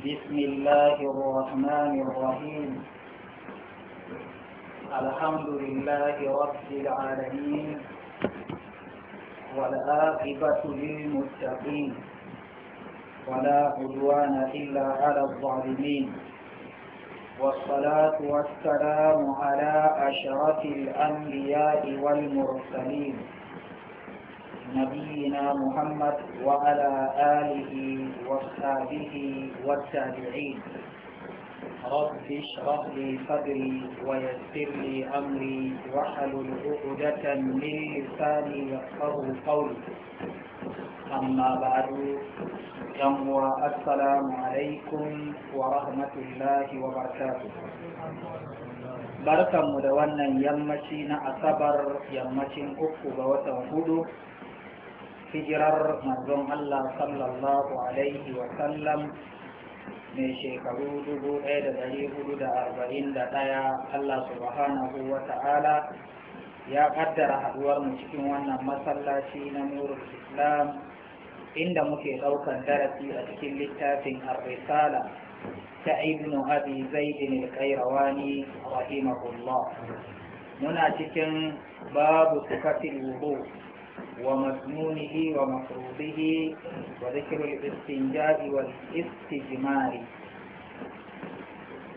بسم الله الرحمن الرحيم الحمد لله رب العالمين والآخبة للمتقين ولا عدوان إلا على الظالمين والصلاة والسلام على أشرف الأنبياء والمرسلين نبينا محمد وعلى آله وصحبه والتابعين رب اشرح لي صدري ويسر لي أمري واحلل عقدة من لساني يفقهوا قولي أما بعد جمع السلام عليكم ورحمة الله وبركاته barkanmu da wannan yammaci na asabar yammacin uku ga watan hudu hijirar manzon Allah sallallahu alaihi wa sallam mai shekaru dubu ɗaya da ɗari hudu da arba'in da ɗaya Allah subhanahu wa ta'ala ya ƙaddara haɗuwar mu cikin wannan masallaci na nurul islam inda muke ɗaukar darasi a cikin littafin ar-risala ta ibn abi zaidin al-qayrawani rahimahullah muna cikin babu sifatil wudu ومسنونه ومفروضه وذكر الاستنجاء والاستجمار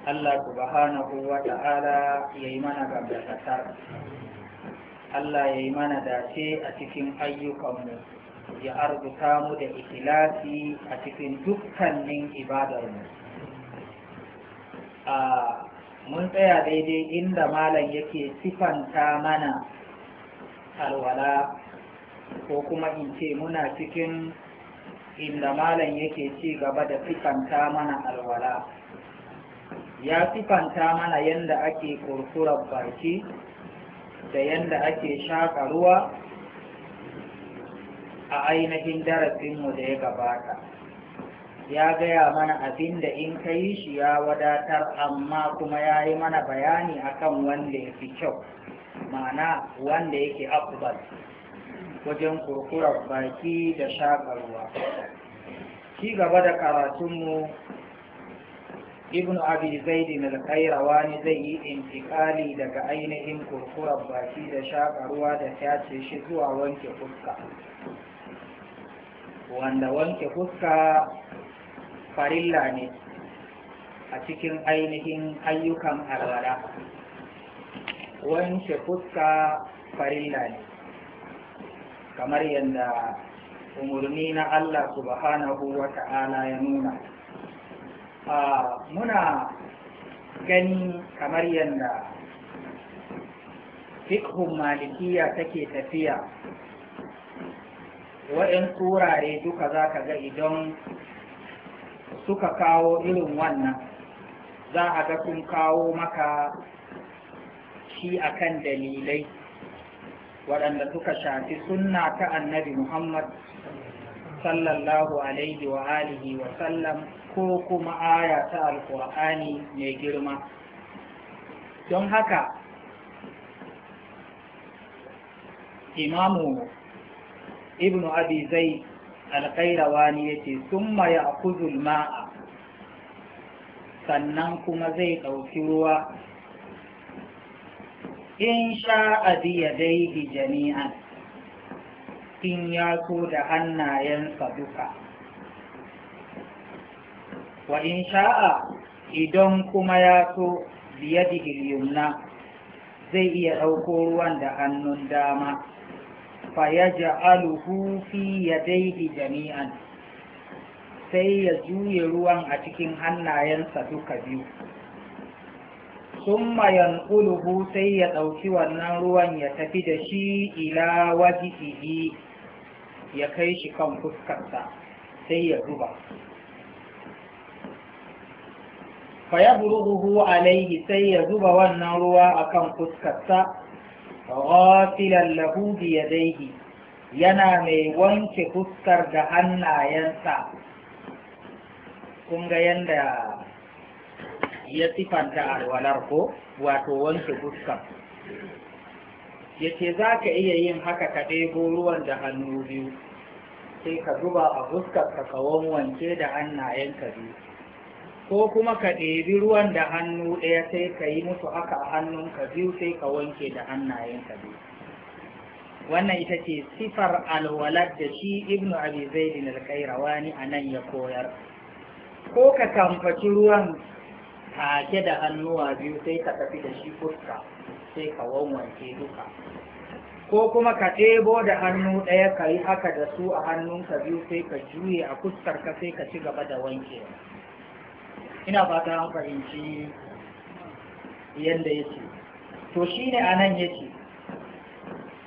Allah subhanahu wa ta'ala ya yi mana gambatar Allah ya yi mana dace a cikin ayyukanmu ya arzuta mu da ikilasi a cikin dukkanin ibadarmu a mun tsaya daidai inda malam yake sifanta mana alwala ko kuma in ce muna cikin inda malam yake ci gaba da fifanta mana alwala ya fifanta mana yadda ake kurkurar baki da yadda ake shaƙa ruwa a ainihin darasinmu da ya gabata ya gaya mana abin da in ka yi shi ya wadatar amma kuma ya yi mana bayani akan wanda ya fi kyau ma'ana wanda yake afbal wajen kurkurar baki da shakarwa ci gaba da karatunmu ibn abi zaidin al ne zai yi intikali daga ainihin kurkurar baki da shakarwa da tace shi zuwa wanke fuska wanda wanke fuska farilla ne a cikin ainihin ayyukan alwala wanke fuska farilla ne kamar yadda umarni na Allah subhanahu wa ta'ala ya nuna muna gani kamar yadda fikhun malikiya take tafiya wa'in turare duka za ka ga idan suka kawo irin wannan za a ga sun kawo maka shi akan dalilai waɗanda suka shafi sunna ta annabi Muhammad sallallahu alaihi wa alihi wa sallam ko kuma aya ta alkur'ani mai girma don haka imamu ibn abi zai alƙairawani ya ce sun ya ma'a sannan kuma zai ɗauki ruwa in sha'a bi jami'an in ya so da hannayensa duka wa in sha'a idan kuma ya so biyadihi yumna zai iya ɗauko ruwan da hannun dama fa ya ja'aluhu fi yadaihi jami'an sai ya juye ruwan a cikin hannayensa duka biyu summa yanquluhu sai ya ɗauki wannan ruwan ya tafi da shi ila wajihi ya kai shi kan fuskarsa sai ya zuba a alaihi sai ya zuba wannan ruwa akan fuskarsa ghafilan lahu bi yadayhi yana mai wanke fuskar da hannayensa kun yanda ya sifanta alwalar ko wato wanke Ya yace za ka iya yin haka ka ɗebo ruwan da hannu biyu sai ka zuba a fuskar ka kawon wanke da hannayen ka biyu ko kuma ka ɗebi ruwan da hannu ɗaya sai ka yi musu haka a hannun ka biyu sai ka wanke da hannayen ka biyu wannan ita ce sifar alwalar da shi ibnu abi zaidin al a anan ya koyar ko ka tamfaci ruwan take da hannuwa biyu sai ka tafi da shi fuska sai ka wanwanke duka ko kuma ka ɗebo da hannu ɗaya ka yi haka da su a hannunka biyu sai ka juye a fuskar ka sai ka ci gaba da wanke ina fata an fahimci yadda ya ce to shi ne a nan ya ce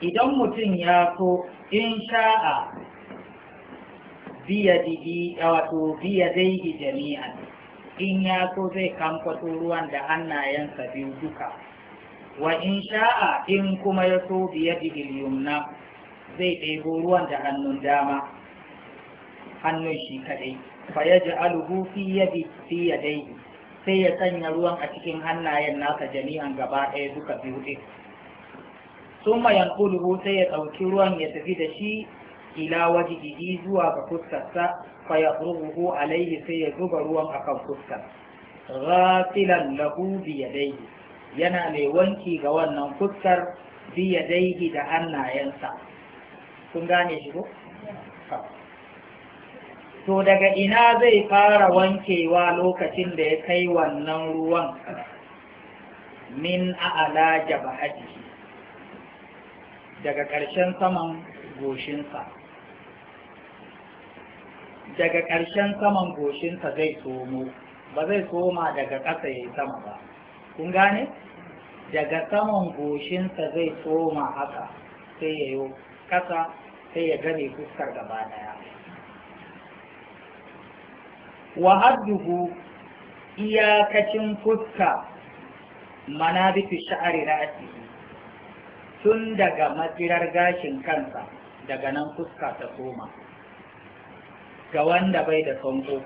idan mutum ya so in sha'a biya a wato biya zai yi jami'an in ya so zai kamfato ruwan da hannayensa biyu duka wa in sha'a in kuma ya so biya yumna zai ɗebo ruwan da hannun dama hannun shi kaɗai fa ya ji alubu fi yadi fi sai ya sanya ruwan a cikin hannayen nasa jami'an gaba ɗaya duka biyu ɗin sun mayan sai ya ɗauki ruwan ya tafi da shi ila wajihi zuwa ga fuskarsa fa alayhi sai ya zuba ruwan akan fuska ghafilan lahu bi yadayhi yana mai wanki ga wannan fuskar bi yadayhi da hannayensa kun gane shi ko to daga ina zai fara wankewa lokacin da ya kai wannan ruwan min a'ala jabahati daga ƙarshen saman goshinsa daga ƙarshen saman goshinsa zai somo ba zai soma daga ƙasa ya yi sama ba kun gane daga saman goshinsa zai soma haka sai ya yi ƙasa sai ya gane fuskar gaba daya wa hadduhu iyakacin fuska bifi sha'ari ra'asi tun daga matsirar gashin kansa daga nan fuska ta soma ga wanda bai da sanko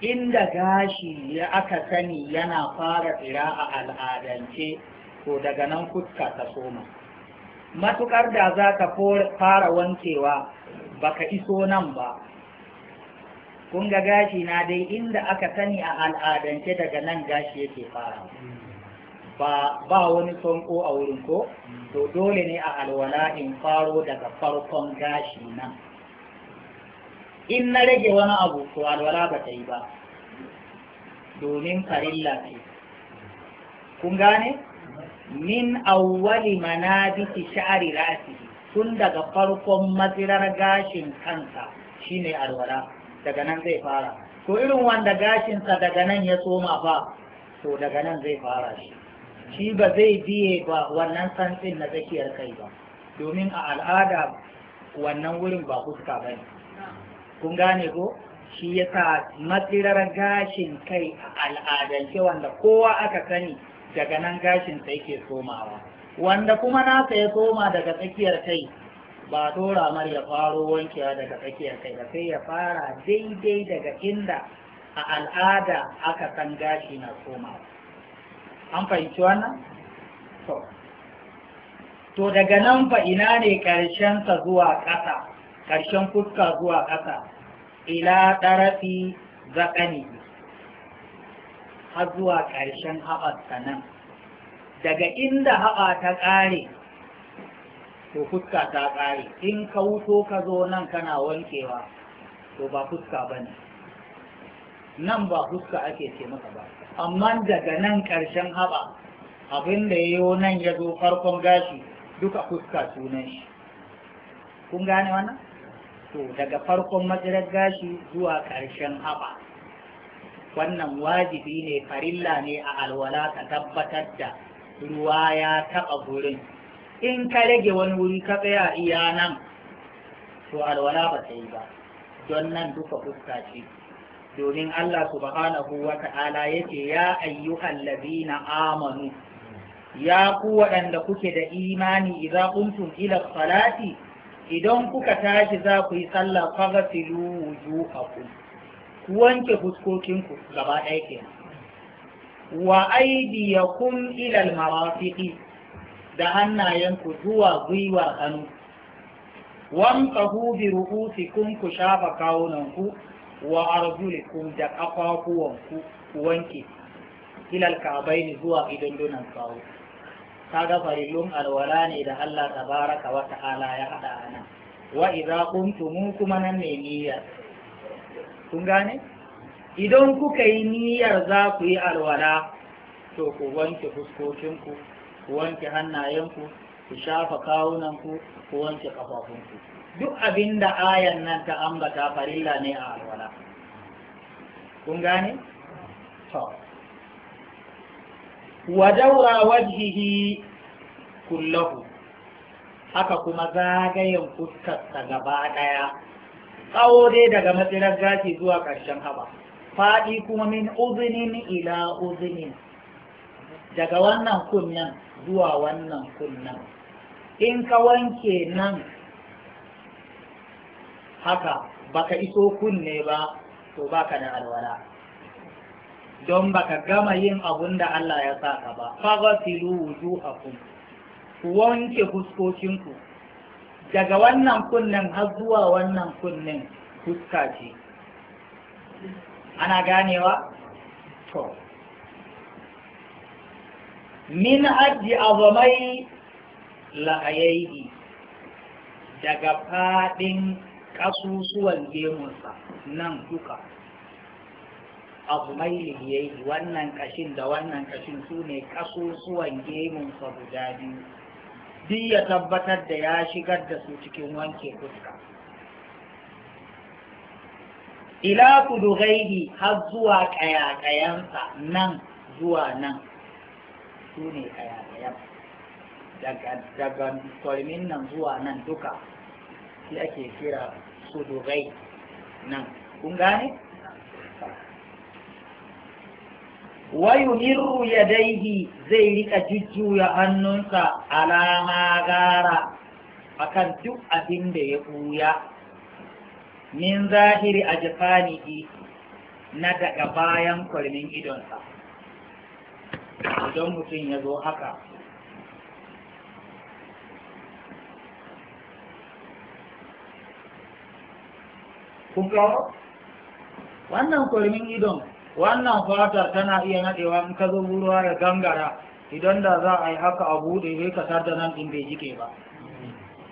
inda gashi ya aka sani yana fara tsira a al'adance to daga nan fuska ta soma matukar da za ka fara wankewa baka iso nan ba Kunga gashi na dai inda aka sani a al'adance daga nan gashi yake fara ba ba wani sonko a wurin ko to dole ne a alwala in faro daga farkon gashi nan in na rage wani abu to alwala ba ta yi ba domin farilla ce kun gane min awwali manabiti sha'ari ra'si tun daga farkon mazirar gashin kansa shine alwala daga nan zai fara to irin wanda gashinsa daga nan ya soma ba to daga nan zai fara shi shi ba zai biye ba wannan santsin na tsakiyar kai ba domin a al'ada wannan wurin ba fuska ba ne kun gane ko shi ya sa matsirar gashin kai a al'adance wanda kowa aka sani daga nan gashin sai ke somawa wanda kuma nasa ya soma daga tsakiyar kai ba dora mar ya faro wankewa daga tsakiyar kai ba sai ya fara daidai daga inda a al'ada aka san gashi na somawa an fahimci wannan So, to daga nan fa ina ne ƙarshen sa zuwa ƙasa ƙarshen fuska zuwa ƙasa ila ɗarafi zaƙani har zuwa ƙarshen haɓarsa nan daga inda haɓa ta ƙare to fuska ta ƙare in ka wuto ka zo nan kana wankewa to ba fuska ba ne nan ba fuska ake ce maka ba amma daga nan ƙarshen haɓa abin da ya yi nan ya zo farkon gashi duka fuska sunan shi kun gane wannan to daga farkon matsirar gashi zuwa ƙarshen haɓa wannan wajibi ne farilla ne a alwala ta tabbatar da ruwa ya taɓa gurin in ka rage wani wuri ka tsaya iya nan to alwala ba ta yi ba don nan duka fuska ce domin Allah subhanahu wa ta'ala yake ya ayyukan na amanu ya ku waɗanda kuke da imani idan kuntum ila salati idan kuka tashi za ku yi sallah faghsilu a ku wanke fuskokinku gaba ɗaya kenan wa ya ila ilal marafiki da hannayenku zuwa gwiwar hannu Wanka hu bi ru'usikum ku shafa kawunanku wa arjulikum da kafafuwanku ku wanke ilal ka'baini zuwa idondunan Ta kaga farillun alwala ne da Allah tabaraka wa ta'ala ya hada ana wa idza qumtum kuma nan ne niyya kun gane idan kuka yi niyyar za ku yi alwala to ku wanke fuskokinku ku wanke hannayenku ku shafa kawunanku ku wanke kafafunku duk abin da ayan nan ta ambata farilla ne a alwala kun gane? to wa daura wajhihi kullahu haka kuma zagayen fuskarsa gaba ɗaya tsawo dai daga matsirar gashi zuwa ƙarshen haba faɗi kuma min uzinin ila uzinin daga wannan kunnen zuwa wannan kunnen in ka wanke nan haka baka iso kunne ba to baka da alwala don baka gama yin abun da Allah ya saka ba faghsilu wujuhakum ku wanke fuskokinku daga wannan kunnen har zuwa wannan kunnen fuska ce ana ganewa to min aji azamai la'ayayi daga faɗin ƙasusuwan gemunsa nan duka abu mai liyayi wannan kashin da wannan kashin su ne ƙasusuwan gemunsa guda biyu duk ya tabbatar da ya shigar da su cikin wanke fuska ila kudu gaihi har zuwa ƙayaƙayansa nan zuwa nan su ne ƙayaƙayan daga kwalmin nan zuwa nan duka shi ake kira sudurai nan kun gane Wayu irru ya daihi zai rika jujjuya hannunsa alama gara akan duk abin da ya buya min zahiri a jifanihi na daga bayan kwalmin idonsa idan mutum ya zo haka kun wannan kwalmin idon wannan fatar tana iya nadewa in ka zo ruwa da gangara idan da za a yi haka a buɗe sai ka tar nan din bai jike ba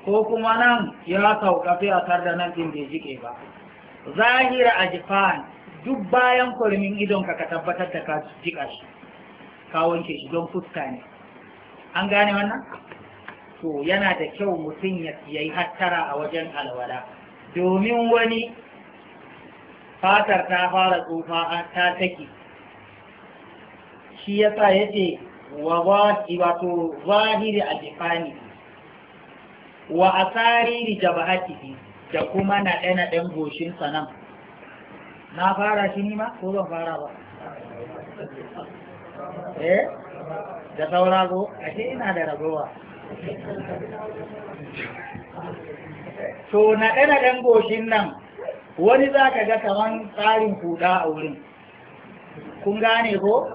ko kuma nan ya sauka sai a tar nan din bai jike ba zahira a duk bayan kwalmin idon ka ka tabbatar da ka jika shi ka wanke shi don fuska ne an gane wannan to yana da kyau mutum ya yi hattara a wajen alwala domin wani fatar ta fara tsufa ta take shi yasa ce wa wato zahiri a jifani wa asariri jabahatihi da kuma na ɗana ɗan goshin sanan na fara shi ni ma ko ban fara ba eh da saura a ashe ina da ragowa to na ɗana ɗan goshin nan wani za ka ga kaman tsarin kuɗa a wurin kun gane ko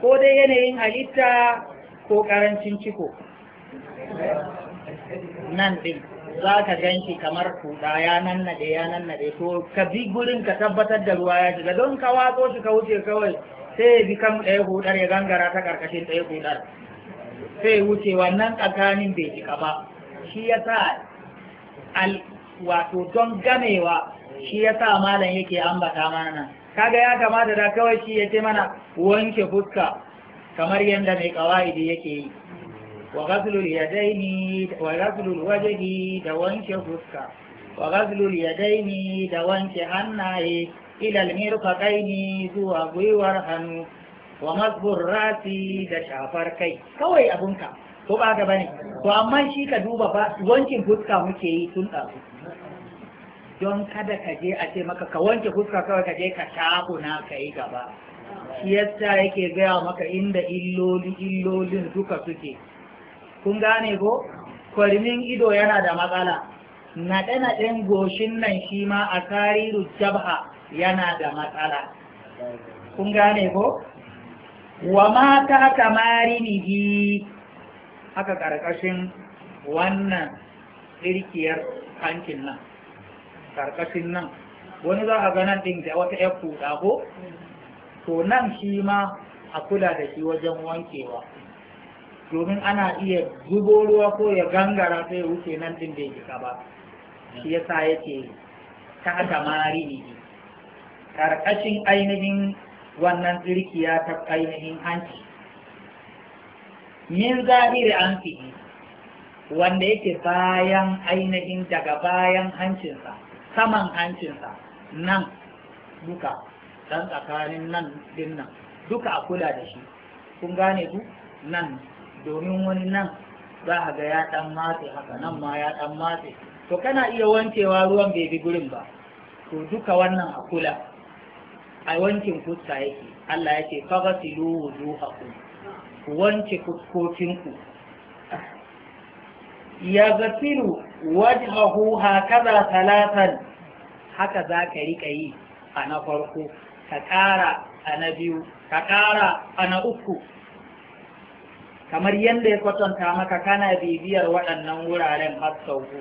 ko dai yanayin halitta ko ƙarancin ciko nan ɗin za ka gan shi kamar kuɗa ya nan nannaɗe ya nannaɗe Ko ka bi gurin ka tabbatar da ruwa ya shiga don ka watso shi ka wuce kawai sai ya bi kan ɗaya hudar ya gangara ta ƙarƙashin ɗaya hudar sai wuce wannan tsakanin bai ba shi ya sa al, wato don gamewa shi ya sa malam yake ambata mana nan. kaga ya kamata da kawai shi ya ce mana wanke fuska kamar yadda mai kawaidi yake yi wa ghaslul yadaini wa ghaslul wajhi da wanke fuska wa ghaslul yadaini da wanke hannaye ila almirfaqaini zuwa gwiwar hannu wa mazbur rasi da shafar kai kawai abunka ko ba ga bane to amma shi ka duba ba wankin fuska muke yi tun ɗazu don kada ka je a ce maka ka wanke fuska kawai ka je ka na ka yi gaba shi yasa yake gaya maka inda illoli illolin duka suke kun gane ko kwarmin ido yana da matsala naɗe-naɗen goshin nan shi ma a tariru jabha yana da matsala kun gane ko wa mata kamari bi haka ƙarƙashin wannan tsirkiyar hankin nan karkashin nan wani za a ga nan ɗin da wata ƴar kuɗa ko to nan shi ma a kula da shi wajen wankewa domin ana iya zubo ruwa ko ya gangara sai ya wuce nan ɗin da ya ba shi ya ce ta tamari karkashin ainihin wannan tsirkiya ta ainihin hanci min zahiri an fi'i wanda yake bayan ainihin daga bayan hancinsa saman hancinsa nan duka dan tsakanin nan din nan duka a kula da shi kun gane ku nan domin wani nan za a ga ya dan matse haka nan ma ya dan matse to kana iya wankewa ruwan bai bi gurin ba to duka wannan a kula a wankin fuska yake Allah yake fagasilu wujuhakum ku wanke fuskokinku ya gasilu wajhahu hakaza talatan haka za ka riƙa yi a na farko ka ƙara a na biyu ka ƙara a na uku kamar yadda ya kwatanta maka kana bibiyar waɗannan wuraren har uku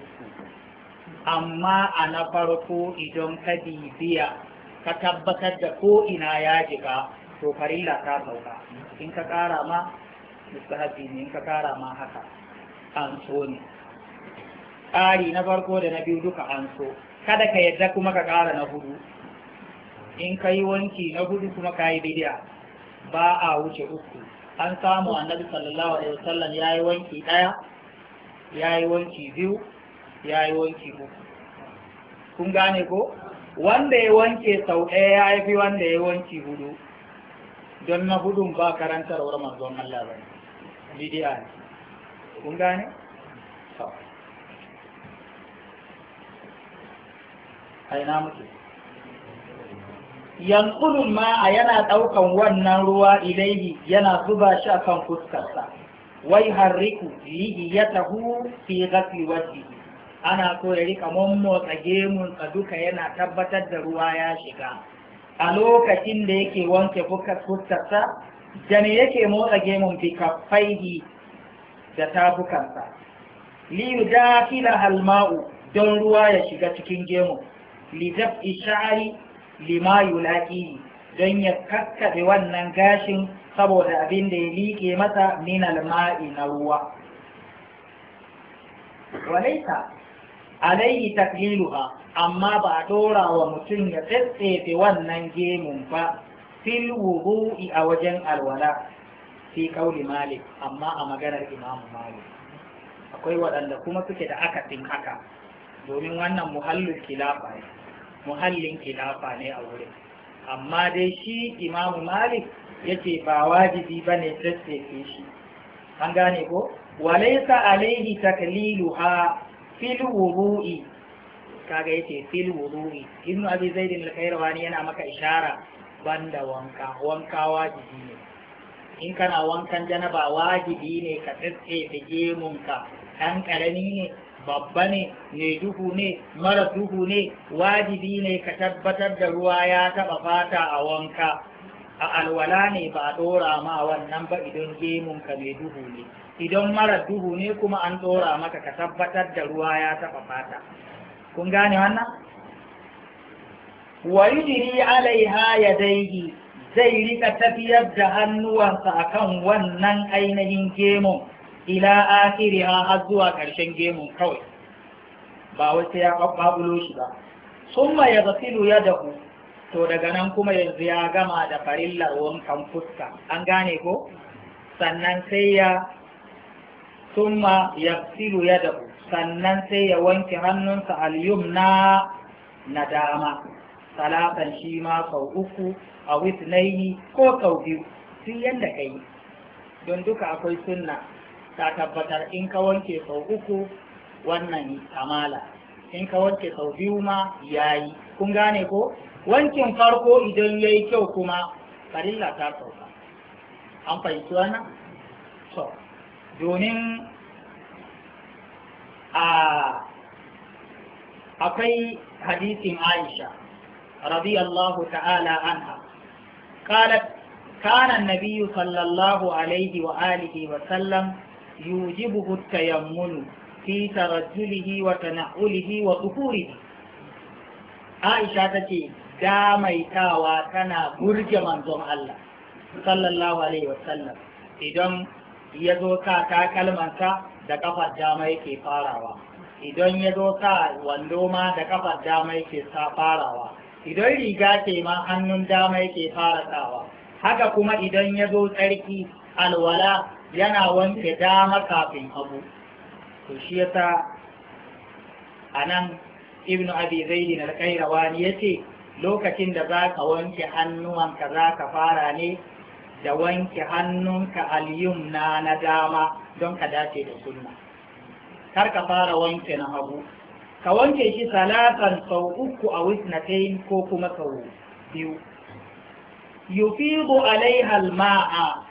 amma a na farko idan ka bibiya ka tabbatar da ko ina ya jika to Farila ta sauka in ka ƙara ma mustahabi ne in ka ƙara ma haka an so ne ƙari na farko da na biyu duka an so kada ka yadda kuma ka ƙara na hudu in ka yi wanki na hudu kuma ka yi bidiya ba a wuce uku an samu annabi sallallahu alaihi wasallam ya yi wanki ɗaya ya yi wanki biyu ya yi wanki uku kun gane ko wanda ya wanke sau ɗaya ya yi fi wanda ya wanki hudu don na hudun ba wurin manzon Allah ba bidiya ne kun gane? Sau. aina muke ma'a yana ɗaukan wannan ruwa ilaihi yana zuba shi a kan fuskarsa wai harriku lihi ya tahu fi gafi wajihi ana so ya rika tsage gemunsa duka yana tabbatar da ruwa ya shiga a lokacin da yake wanke fuskarsa da me yake motsa gemun bi kafaihi da tafukansa li yudafila halma'u don ruwa ya shiga cikin gemun lizab ishari lima yulaki don ya kakkaɓe wannan gashin saboda abin da ya liƙe masa min alma'i na ruwa walaita alaihi takliluha amma ba a ɗora wa mutum ya tsetsefe wannan gemun ba fil wudu'i a wajen alwala fi kauli malik amma a maganar imamu malik akwai waɗanda kuma suke da akasin haka domin wannan muhallin kilafa ne muhallin kilafa ne a wurin amma dai shi imamu malik yace ba wajibi bane tsatsefe shi an gane ko walaisa alaihi takliluha fil wudu'i kaga yace fil wudu'i ibnu abi zaid al khairwani yana maka ishara banda wanka wanka wajibi ne in kana wankan janaba wajibi ne ka da gemunka ɗan ƙarami ne babba ne mai duhu ne mara duhu ne wajibi ne ka tabbatar da ruwa ya taɓa fata a wanka a alwala ne ba a ɗora ma wannan ba idan gemunka mai duhu ne idan mara duhu ne kuma an dora maka ka tabbatar da ruwa ya taɓa fata kun gane wannan wa yujri alaiha yadayhi zai rika tafiyar da hannuwansa akan wannan ainihin gemun ila akhiriha har zuwa karshen gemu kawai ba wai ya babbulo shi ba summa ya zafilu ya dahu to daga nan kuma yanzu ya gama da farillar wankan fuska an gane ko sannan sai ya summa ya zafilu ya dahu sannan sai ya wanke hannunsa al na dama salatan shi ma sau uku a witnaini ko sau biyu duk yanda kai don duka akwai sunna ta tabbatar in ka wanke sau uku wannan kamala in ka wanke sau biyu ma ya yi kun gane ko wankin farko idan ya yi kyau kuma farilla ta sauka an fahimci wannan to domin a akwai hadisin Aisha radiyallahu ta'ala anha قالت كان النبي صلى الله عليه وآله وسلم يوجبه التيمم في ترجله وتنعله وظهوره عائشة تتي damaitawa tana burge manzon Allah sallallahu alaihi wasallam idan ya zo sa takalmansa da ƙafar dama yake farawa idan ya zo sa wando ma da kafar dama yake sa farawa idan riga ke ma hannun dama yake fara tsawa, haka kuma idan ya zo tsarki alwala yana wanke dama kafin hagu to shi yasa a nan ibn abi Kairawa ne, ya yace lokacin da za ka wanke hannuwanka za ka fara ne da wanke hannunka aliyum na na dama don ka dace da sunna kar ka fara wanke na hagu ka wanke shi salatan sau uku a wisnatain ko kuma sau biyu yufidu alaiha al-ma'a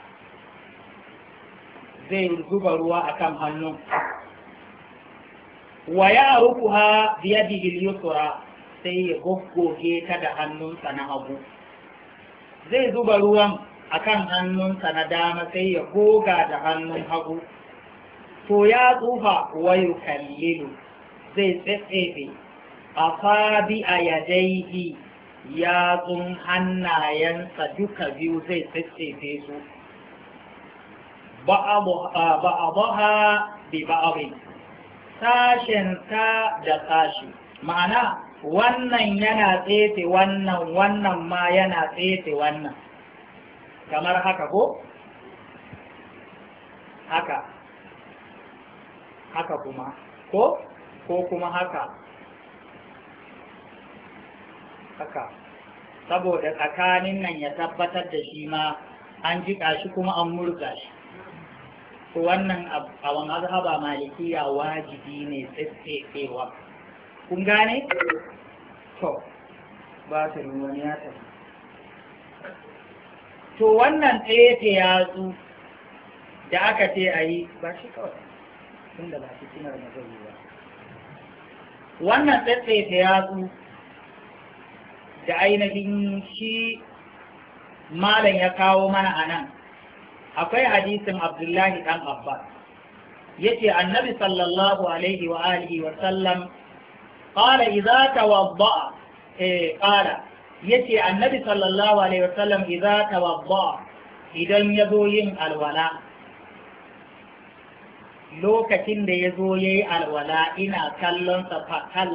zai zuba ruwa a kan hannun wa ya rukuha biyadihi yusra sai ya goggoge ta da hannunsa na hagu zai zuba ruwan a kan hannunsa na dama sai ya goga da hannun hagu to ya tsufa wayu kallilu zai tsetsefe a fabi a ya yatsun hannayensa duka biyu zai tsetsefe su ba'adaha bi ba'adhi sashen ta da sashi ma'ana wannan yana tsefe wannan wannan ma yana tsefe wannan kamar haka ko haka haka kuma ko ko kuma haka haka saboda tsakanin nan ya tabbatar da shi ma an jiƙa shi kuma an murza shi to wannan a wani azhaba malikiya wajibi ne tsetsefewa kun gane to ba ta yi wani ya tafi to wannan ya yatsu da aka ce a yi ba shi kawai tun da ba shi kinar na zai ba wannan ya yatsu da ainihin shi malam ya kawo mana a nan akwai hadisin abdullahi dan ya ce, annabi sallallahu alaihi wa alihi wa sallam qala idza tawadda eh qala yace annabi sallallahu alaihi wa sallam idza tawadda idan yazo yin alwala lokacin da yazo yayi alwala ina kallonsa sa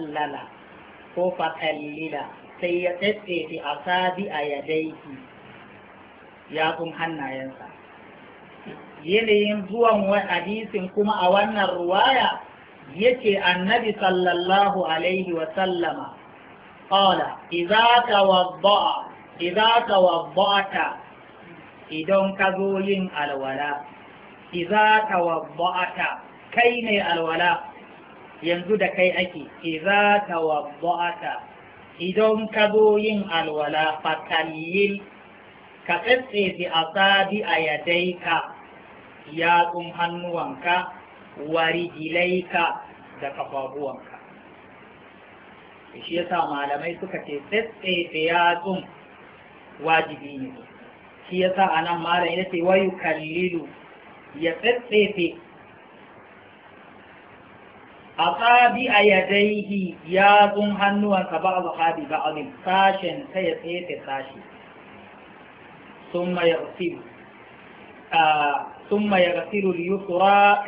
ko fa sai ya tsaye a sabi a yadaiki ya kun hannayensa yanayin zuwan hadisin kuma a wannan ruwaya yake annabi sallallahu alaihi wa sallama qala idza tawadda'a idza tawadda'ata idan ka zo yin alwala idza tawadda'ata kai ne alwala yanzu da kai ake idza tawadda'ata idan ka zo yin alwala fatallil ka tsetse bi asabi a yadaika yatsun hannuwanka wa rijilaika da kafafuwanka shi sa malamai suka ce tsetsefe yatsun wajibi ne shi ya sa a nan malam ya ce wayu kallilu ya tsetsefe a tsabi a yadaihi yatsun hannuwansa ba a zahabi ba a sashen ta ya tsefe sashi sun mayar a ah, thumma yaghsilu al-yusra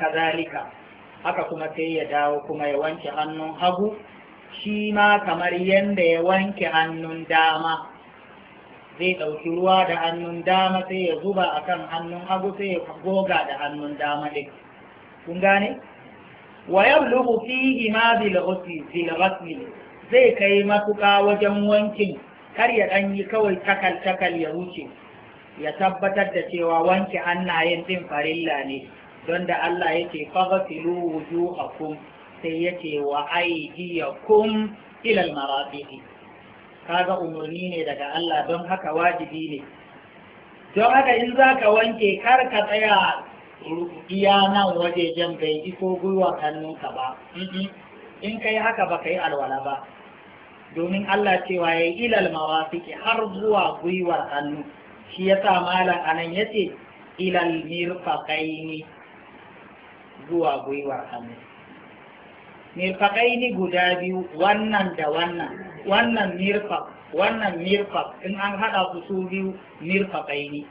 haka kuma sai ya dawo kuma ya wanke hannun hagu shi ma kamar yadda ya wanke hannun dama zai ɗauki ruwa da hannun dama sai ya zuba a kan hannun hagu sai ya goga da hannun dama ɗin kun gane wa yablughu fihi ma bil ghusli zai kai matuƙa wajen wankin kar ya ɗan yi kawai takal takal ya wuce ya tabbatar da cewa wanke hannayen din farilla ne don da Allah yake faghsilu wujuhakum sai ce wa aydiyakum ila al-marafiqi kaga umurni ne daga Allah don haka wajibi ne don haka in zaka wanke kar ka tsaya iya nan wajejen bai iso gwiwa hannunka ba in kai haka ba kai alwala ba domin Allah cewa ya yi ilal mawafiki har zuwa gwiwar hannu shi ya sa malam anan ya ce ilal mirfaƙaini zuwa gwiwar hannu mirfaƙaini guda biyu wannan da wannan wannan mirfaƙ wannan mirfaƙ in an haɗa su su biyu mirfaƙaini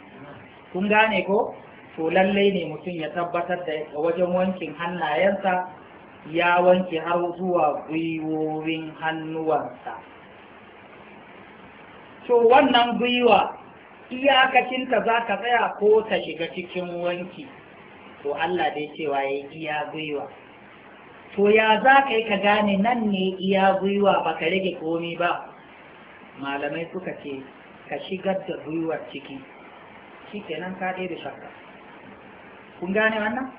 kun gane ko to lallai ne mutum ya tabbatar da wajen wankin hannayensa ya wanke har zuwa gwiwowin hannuwansa to wannan gwiwa iyakacinta za ka tsaya ko ta shiga cikin wanki to Allah dai cewa ya iya gwiwa to ya za ka yi ka gane nan ne iya gwiwa ba ka rage komi ba malamai suka ce ka shigar da gwiwar ciki shi kenan ka ɗaya da shakka kun gane wannan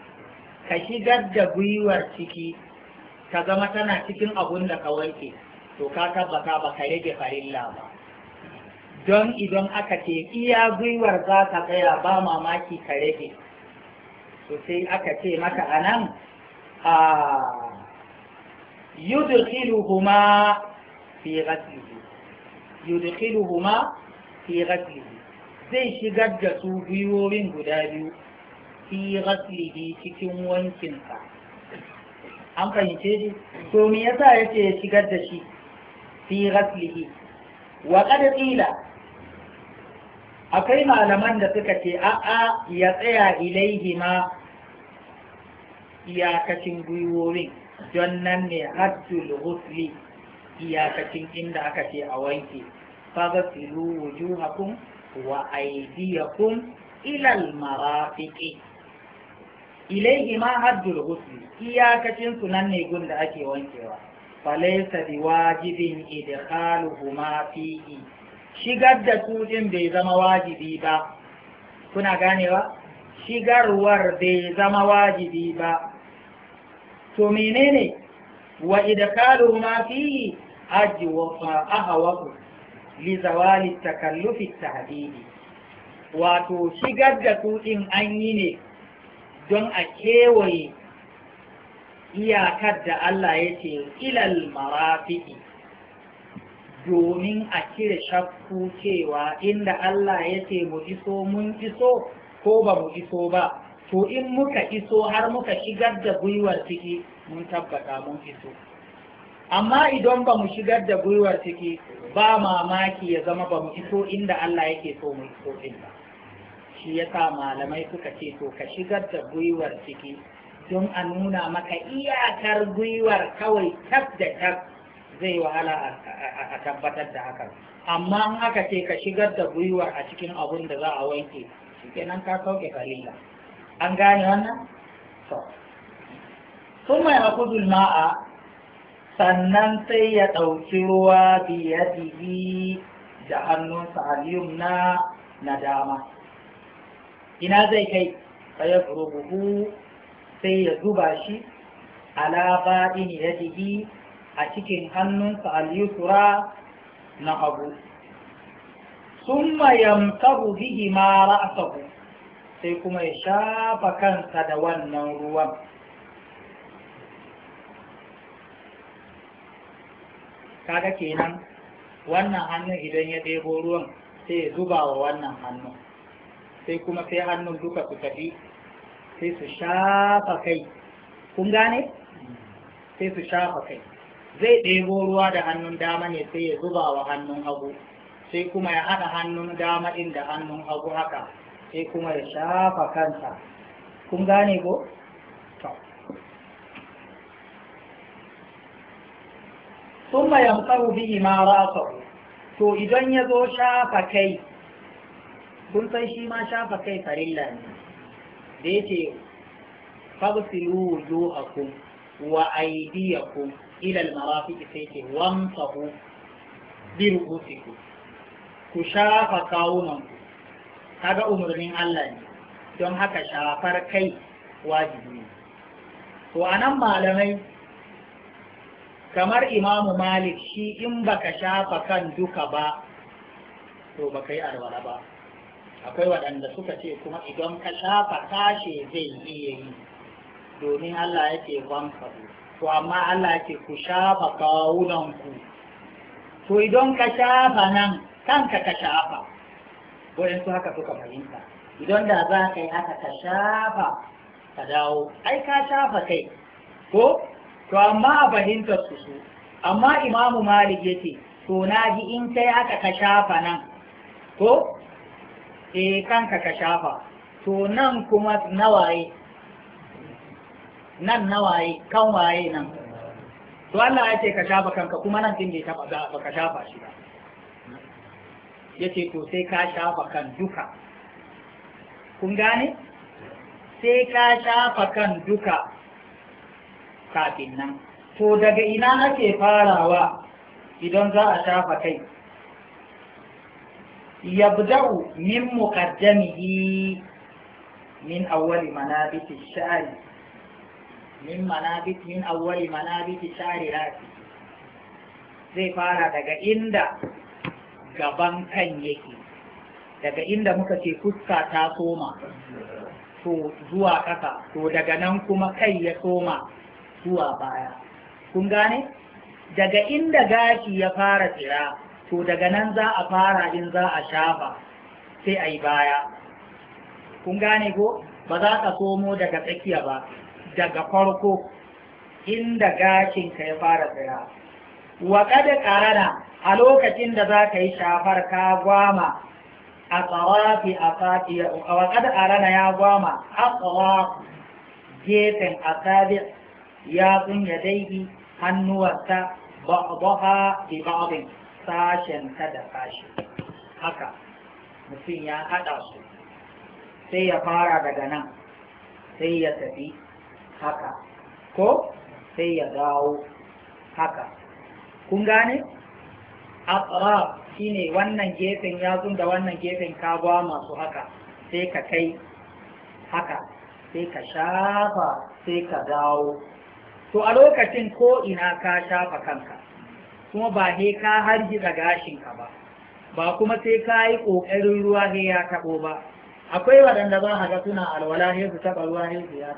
ka shigar da gwiwar ciki ta zama tana cikin abun da ka wanke to ka tabbata ba ka rage farilla ba don idan aka ce iya gwiwar za ka tsaya ba mamaki ka rage to sai aka ce maka a nan a yudkhiluhuma fi ghaslihi yudkhiluhuma fi ghaslihi zai shigar da su gwiwowin guda biyu fi ghaslihi cikin wankin ka, an fahimce shi to me yasa yace ya shigar da shi fi ghaslihi wa qad qila akwai malaman da suka ce a'a ya tsaya ilaihi ma iyakacin gwiwowin don nan ne hajjul husli iyakacin inda aka ce a wanke fagasilu wujuhakum wa aydiyakum ila almarafiqi ilaihi ma hajjul husli iyakacin su nan ne gun da ake wankewa falaysa biwajibin idkhaluhuma fihi shigar da su ɗin bai zama wajibi ba kuna ganewa shigarwar bai zama wajibi ba to menene wa idkalu ma fi ajwa ahwa li zawali takallufi tahdidi wato shigar da su ɗin an yi ne don a kewaye iyakar da Allah ya ce ilal marafi'i domin a cire shakku cewa inda Allah ya ce mu iso mun iso ko ba mu iso ba to in muka iso har muka shigar da gwiwar ciki mun tabbata mun iso amma idan ba mu shigar da gwiwar ciki ba mamaki ya zama ba mu iso inda Allah yake so mu iso din ba shi sa malamai suka ce to ka shigar da gwiwar ciki don a nuna maka iyakar gwiwar kawai tab da tab zai wahala a tabbatar da hakan amma in aka ce ka shigar da gwiwar a cikin abun da za a wanke kenan ka sauke kalila an gane wannan to sun mai akudul ma'a sannan sai ya ɗauki ruwa biyadihi da hannunsa aliyum na nadama ina zai kai sai rubuhu sai ya zuba shi ala ba'in yadihi a cikin hannunsa al-yusra na hagu summa yamtahu bihi ma ra'sahu sai kuma ya shafa kansa da wannan ruwan kaga kenan wannan hannun idan ya ɗebo ruwan sai ya zuba wa wannan hannun sai kuma sai hannun duka su tafi sai su shafa kai kun gane sai su shafa kai zai ɗebo ruwa da hannun dama ne sai ya zuba wa hannun hagu sai kuma ya haɗa hannun dama ɗin da hannun hagu haka sai kuma ya shafa kansa kun gane ko? ثم يمطر به ma راسه to idan ya zo shafa kai kun san shi ma shafa kai farilla ne da ce fagsilu wujuhakum wa aydiyakum ilal marafiq sai ke wamsahu bi ru'usikum ku shafa kawunanku kaga umarnin Allah ne don haka shafar kai wajibi ne to anan malamai kamar imamu malik shi in baka shafa kan duka ba to baka yi alwala ba akwai waɗanda suka ce kuma idan ka shafa tashe zai iya yi domin Allah yake wanka to amma Allah ke ku shafa kawunanku to idan ka shafa nan kanka ka shafa su haka suka fahimta idan da za ka yi haka ka shafa ka dawo ai ka shafa kai ko to amma a fahimtar su su amma imamu malik ya ce to na ji in kai haka ka shafa nan ko e kanka ka shafa to nan kuma nawaye nan nawaye kan waye nan to Allah ya ce ka shafa kanka kuma nan din bai taba ba ka shafa shi ba yace to sai ka shafa kan duka kun gane sai ka shafa kan duka kafin nan to daga ina ake farawa idan za a shafa kai yabda'u min muqaddamihi min awwali manabiti sha'ri min manabit min awwali manabit shari'ati zai fara daga inda gaban kan yake daga inda muka ce fuska ta soma to zuwa ƙasa to daga nan kuma kai ya soma zuwa baya kun gane daga inda gashi ya fara tsira to daga nan za a fara in za a shafa sai a yi baya kun gane ko ba za ka komo daga tsakiya ba daga farko inda gashin ka ya fara tsira wa kada karana a lokacin da za ka yi shafar ka gwama a tsawafi a tsafiya wa kada ya gwama a tsawafi gefen asabi ya tsunya daidi hannuwarsa baha bi babin sashen ta da sashi haka mutum ya haɗa su sai ya fara daga nan sai ya tafi haka ko sai ya dawo haka kun gane atraf shine wannan gefen yatsun da wannan gefen ka ba masu haka sai ka kai haka sai ka shafa sai ka dawo to a lokacin ko ina ka shafa kanka kuma ba he ka hargitsa gashinka ba ba kuma sai ka yi ƙoƙarin ruwa he ya taɓo ba akwai waɗanda za a ga suna alwala he su taɓa ruwa he su ya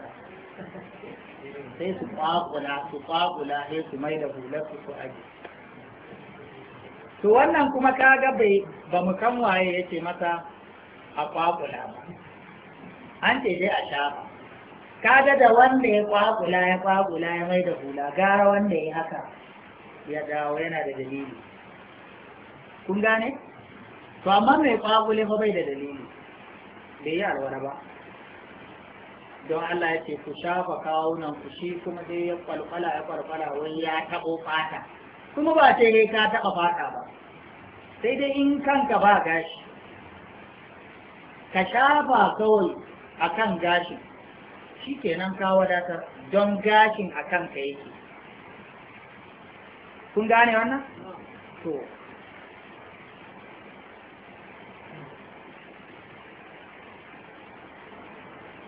sai su kwakula su kwakula sai su mai da hular su aji to wannan kuma kaga bai ba mu kan waye yace masa a kwakula ba an ce dai a shafa kaga da wanda ya kwakula ya kwakula ya mai da hula gara wanda ya haka ya dawo yana da dalili kun gane to amma mai kwakule fa bai da dalili bai yi alwara ba don Allah ya ce ku shafa kawunan ku shi kuma dai ya kwalkwala ya kwalkwala wai ya taɓo fata kuma ba sai ka taɓa fata ba sai dai in kanka ba gashi ka shafa kawai a kan gashin shi kenan ka wadatar don gashin a kanka yake kun gane wannan to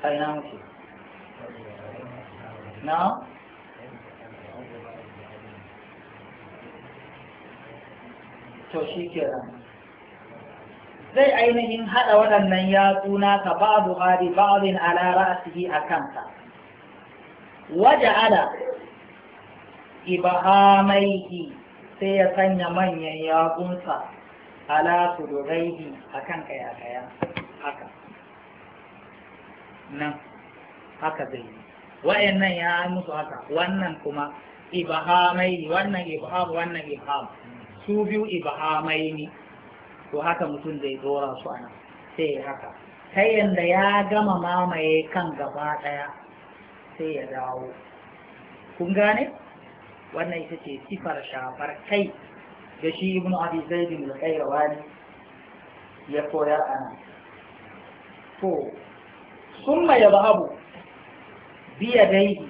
na to shi kenan zai ainihin haɗa waɗannan yatsu naka ka ba ba'adin ala ra'asihi a kanka waje ala ibahamaihi sai ya sanya manyan yatsunsa ala suduraihi a kan kaya-kaya. haka nan haka zai yi nan ya yi musu haka wannan kuma ibahamai wannan ibham wannan ibham su biyu ibahamai ne to haka mutum zai dora su ana sai ya haka Ta yanda ya gama mamaye kan gaba ɗaya sai ya dawo kun gane wannan ita ce sifar shafar kai da shi ibnu abi zaidi da kai ya koyar ana to summa ya zahabu biya dai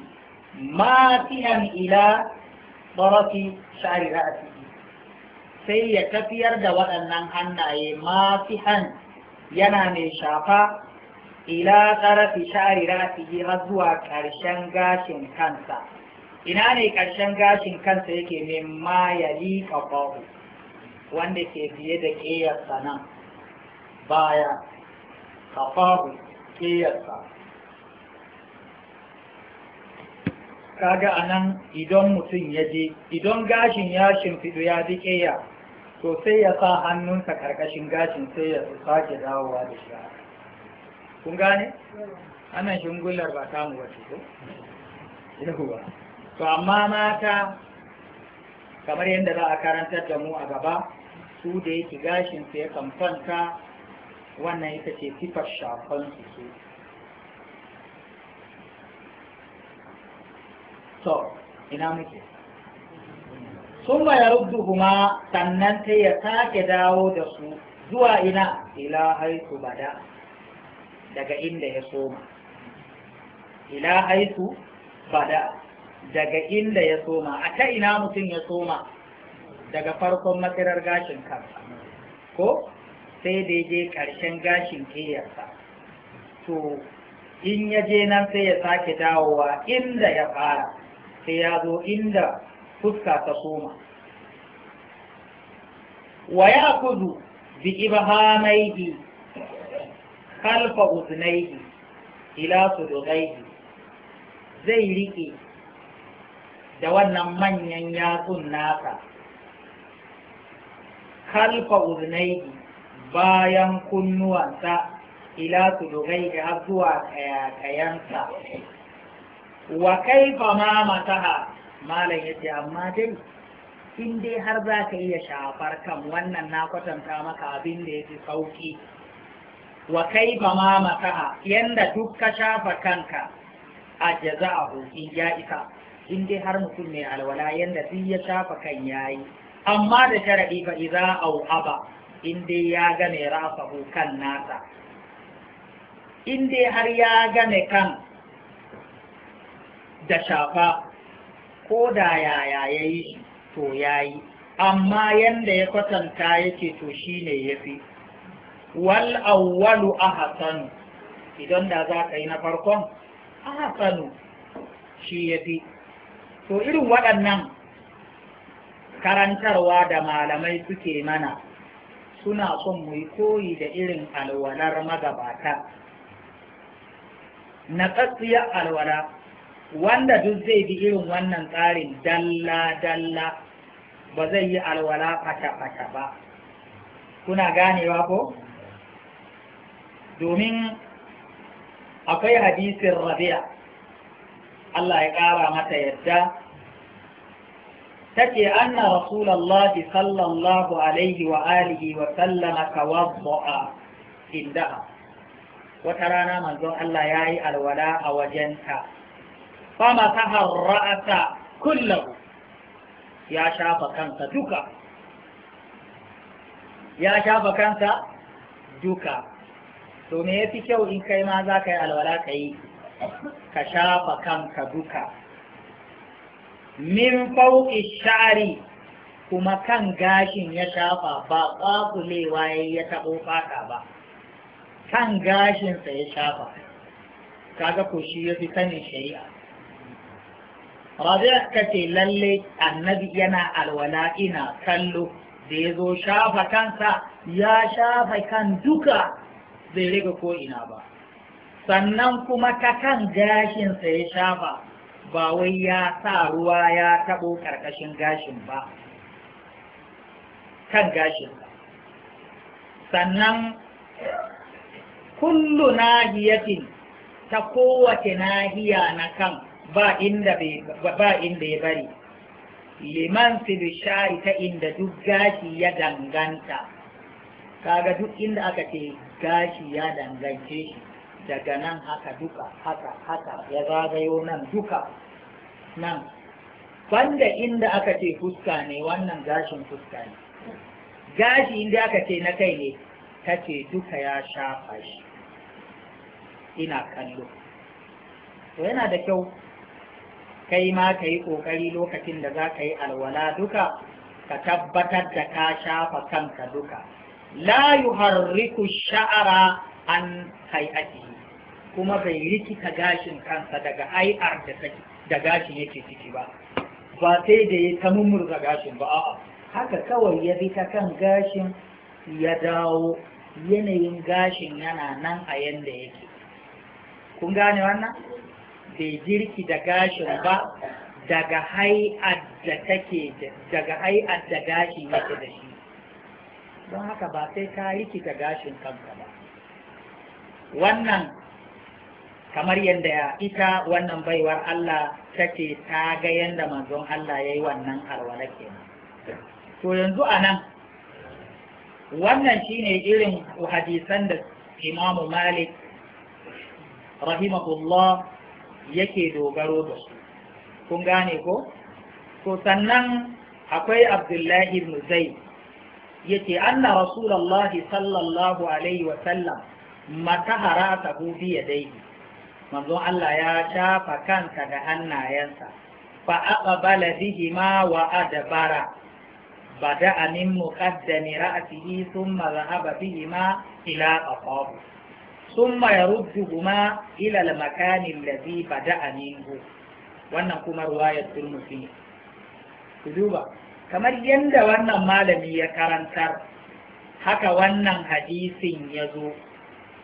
matiyan ila barafi sai ya tafiyar da waɗannan hannaye matihan yana mai shafa ila tsarafi shari ra'asi har zuwa ƙarshen gashin kansa ina ne ƙarshen gashin kansa yake ma ya liƙa wanda ke fiye da ƙeyar nan baya ƙafafu. ƙiyarsa kaga anan idan mutum ya je idan gashin ya shimfiɗu ya ji ƙeya to sai ya sa hannunsa ƙarƙashin gashin sai ya sake dawowa da shi kun gane ana shingular ba samu wasu ko yauwa to amma mata kamar yadda za a karantar da mu a gaba su da yake gashin sai ya kamfanta wannan ita ce sifar shafan suke. to ina muke sun bayar rubdu ma sannan ta ya sake dawo da su zuwa ina ila haitu bada daga inda ya soma ila haitu bada daga inda ya soma a ta ina mutum ya soma daga farkon matsirar gashin kansa ko sai da je ƙarshen gashin keyarsa to in ya je nan sai ya sake dawowa inda ya fara sai ya zo inda fuska ta soma wa ya Kudu bi ibhamaihi kalfa uznaihi ila sudunaihi zai riƙe da wannan manyan yatsun nasa kalfa uznaihi bayan kunnuwansa ila su dogai da har zuwa kayansa wa kai fa ma mataha malam ya ce amma dai in dai har za ka iya shafar kan wannan na kwatanta maka abin da ya fi sauki wa kai fa ma mataha yanda duk ka shafa kanka a jaza'ahu in ya isa in dai har mutum mai alwala yanda duk ya shafa kan yayi amma da sharaɗi fa idza au aba in dai ya gane rafa kan nasa in dai har ya gane kan da shafa ko da yaya ya yi to ya yi amma yanda ya kwatanta yake to shi ne ya fi wal'awwalu a hasanu idan da za ka yi na farkon A hasanu shi ya fi to irin waɗannan karantarwa da malamai suke mana suna son mu yi koyi da irin alwalar magabata na tsatsiyar alwala wanda duk zai bi irin wannan tsarin dalla-dalla ba zai yi alwala fata-fata ba kuna ganewa ko domin akwai hadisin rabia Allah ya ƙara mata yadda ce anna rasulallahi sallallahu alaihi wa alihi wa sallama tawadda'a indaha wata rana manzon Allah ya yi alwala a wajenta fama ta harra'ata kullahu ya shafa kansa duka ya shafa kansa duka to me yafi kyau in kai ma zaka yi alwala kayi? ka shafa kanka duka min fauki sha'ari kuma kan gashin ya shafa ba ƙwaƙulewa ya ya taɓo fata ba kan gashinsa ya shafa kaga ko shi ya fi sanin shari'a rabia ta ce lalle annabi yana alwala ina kallo da ya zo shafa kansa ya shafa kan duka zai riga ko ina ba sannan kuma ta kan gashinsa ya shafa ba wai ya sa ruwa ya taɓo ƙarƙashin gashin ba kan gashin sannan kullu nahiyatin ta kowace nahiya na kan ba inda ya bari liman shari ta inda duk gashi ya danganta kaga duk inda aka ce gashi ya dangance shi daga nan haka duka haka haka ya zagayo nan duka nan banda inda aka ce fuska ne wannan gashin fuska ne gashi inda aka ce na kai ne ta ce duka ya shafa shi ina kallo to yana da kyau kai ma ka yi ƙoƙari lokacin da za ka yi alwala duka ka tabbatar da ka shafa kanka duka la yuharriku sha'ara an hay'atihi kuma bai rikita gashin kansa daga ai'ar da take da gashin yake ciki ba ba sai da ya ta mummurza gashin ba a'a haka kawai ya bi ta kan gashin ya dawo yanayin gashin yana nan a yanda yake kun gane wannan bai jirki da gashin ba daga hai'ad da take daga hai'ad da gashi yake da shi don haka ba sai ka rikita gashin kanka ba wannan kamar yadda ita wannan baiwar Allah ta ce ta ga yadda manzon Allah ya yi wannan alwala ke to yanzu anan nan wannan shine irin hadisan da imamu malik rahimahullah yake dogaro da su kun gane ko to sannan akwai abdullahi ibn zaid yace anna rasulullahi sallallahu alaihi wa sallam matahara ta bi yadayhi manzon Allah ya shafa kansa da hannayensa fa bihi ma wa adbara bada'a min muqaddami ma thumma dhahaba ma ila ya rubu kuma ila al-makani alladhi bada'a minhu wannan kuma ruwa ruwayar turmusi ku duba kamar yadda wannan malami ya karantar haka wannan hadisin ya zo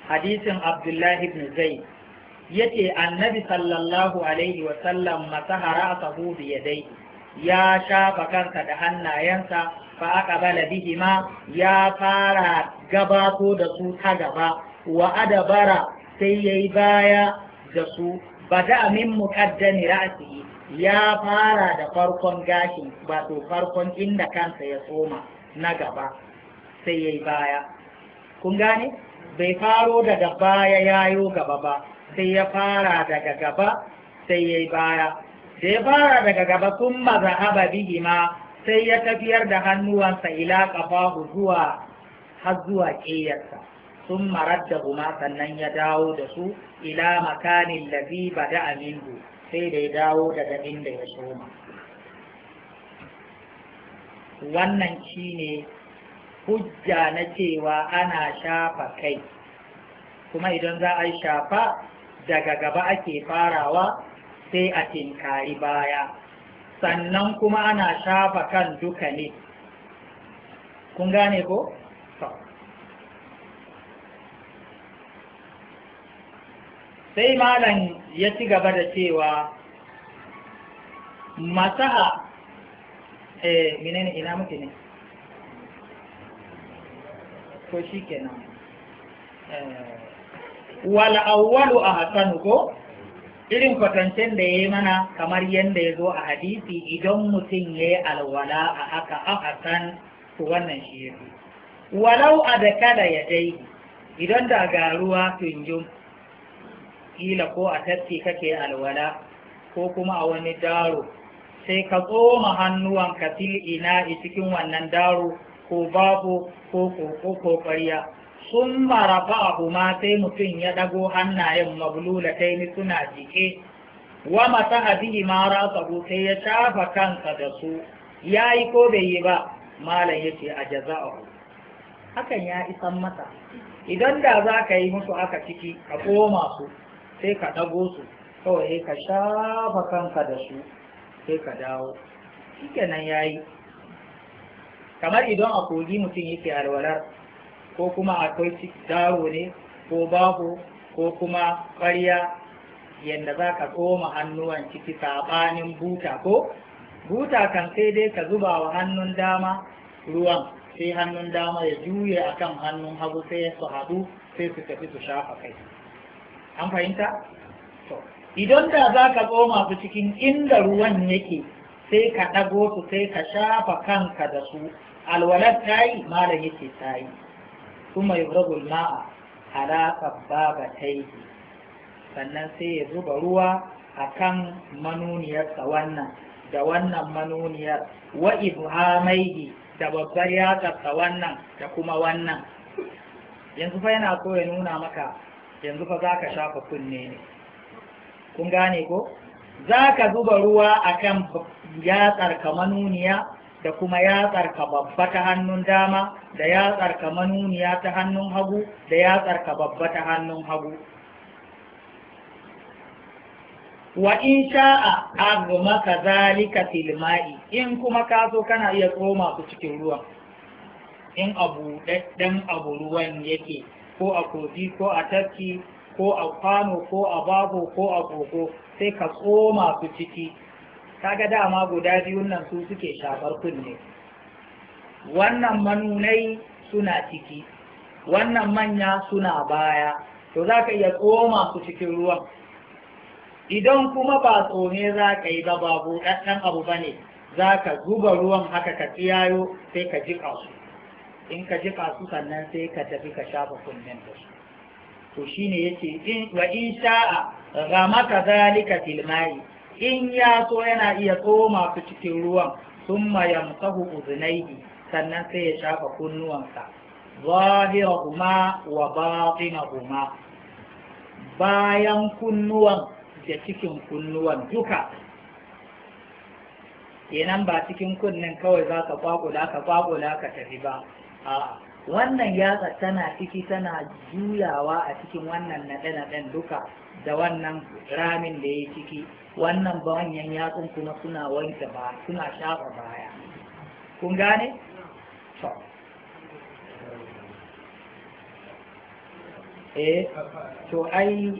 hadisin abdullahi ibn zaid yace annabi sallallahu alaihi wa sallam masahara asahu ya dai. ya shafa kansa da hannayensa fa bihi bihima ya fara gabato da su ta gaba wa adabara sai yayi baya da su bada min muqaddami ra'asi ya fara da farkon gashin wato farkon inda kansa ya tsoma na gaba sai yayi baya kun gane bai faro daga baya yayo gaba ba sai ya fara daga gaba sai ya yi baya sai fara daga gaba sun maza haba ma sai ya tafiyar da hannuwansa ila kafahu zuwa har zuwa ƙeyarsa sun marar da kuma sannan ya dawo da su ila makanin lafi ba da aminu sai da ya dawo daga inda ya soma wannan shi ne hujja na cewa ana shafa kai kuma idan za a shafa daga gaba ake farawa sai a tinkari baya sannan kuma ana shafa kan duka ne kun gane ko? sai malam ya ci gaba da cewa masaha eh, mine ne ina muke ne ko shi kenan eh. wal awwalu ahsanu ko irin kwatancen da yayi mana kamar yanda yazo a hadisi idan mutum yayi alwala a haka ahsan to wannan shi yafi walau ya yadai idan da ga ruwa injo kila ko a tafi kake alwala ko kuma a wani daro sai ka tsoma ka fil ina cikin wannan daro ko babu ko ko ko sun marafa abu ma sai mutum ya ɗago hannayen maglula ta ni suna jike wa mata hadihi ma rasahu sai ya shafa kansa da su ya yi ko bai yi ba malam ya ce a jaza'ahu hakan ya isan masa idan da za ka yi musu aka ciki ka koma su sai ka ɗago su kawai ka shafa kanka da su sai ka dawo shi kenan ya yi kamar idan a kogi mutum yake alwalar ko kuma akwai daro ne ko babu ko kuma ƙarya yadda za ka tsoma hannuwan ciki saɓanin buta ko buta kan sai dai ka zuba wa hannun dama ruwan sai hannun dama ya juye akan hannun hagu sai su haɗu sai su tafi su shafa kai an fahimta to idan da za ka tsoma su cikin inda ruwan yake sai ka ɗago su sai ka shafa kanka da su alwalar tayi malam yake tayi kuma yuhrabul ma'a ala qabbabatayhi sannan sai ya zuba ruwa akan manuniyarsa wannan da wannan manuniyar wa ibhamaihi da babbar yatsar yatsarsa wannan da kuma wannan yanzu fa yana so ya nuna maka yanzu fa za ka shafa kunne ne kun gane ko za ka zuba ruwa akan yatsar ka manuniya da kuma yatsarka babba ta hannun dama da yatsarka manuniya ta hannun hagu da yatsarka babba ta hannun hagu wa in sha'a azmaka zalika fil ma'i in kuma ka so kana iya tsoma su cikin ruwan in abu dan abu ruwan yake ko a kogi ko a tafki ko a kwano ko a bago ko a koko sai ka tsoma su ciki kaga dama guda biyun nan su suke shafar kunne wannan manunai suna ciki wannan manya suna baya to za ka iya tsoma su cikin ruwan idan kuma ba tsone za ka yi ba ba buɗaɗɗen abu ba ne za ka zuba ruwan haka ka tsiyayo sai ka jiƙa su in ka jiƙa su sannan sai ka tafi ka shafa kunnen da su to shine yace in wa in sha'a ghamaka zalika fil ma'i in ya so yana iya tsoma su cikin ruwan sun yamsahu uzunaihi sannan sai ya shafa kunnuwansa kuma wa kuma, bayan kunnuwan da cikin kunnuwan duka kenan ba cikin kunnen kawai za ka kwakula ka kwakula ka tafi ba wannan yatsa tana ciki tana juyawa a cikin wannan naɗe-naɗen duka da wannan ramin da ya ciki wannan ba wanyan yatsun kuma suna wanke ba suna shafa baya kun gane to eh to ai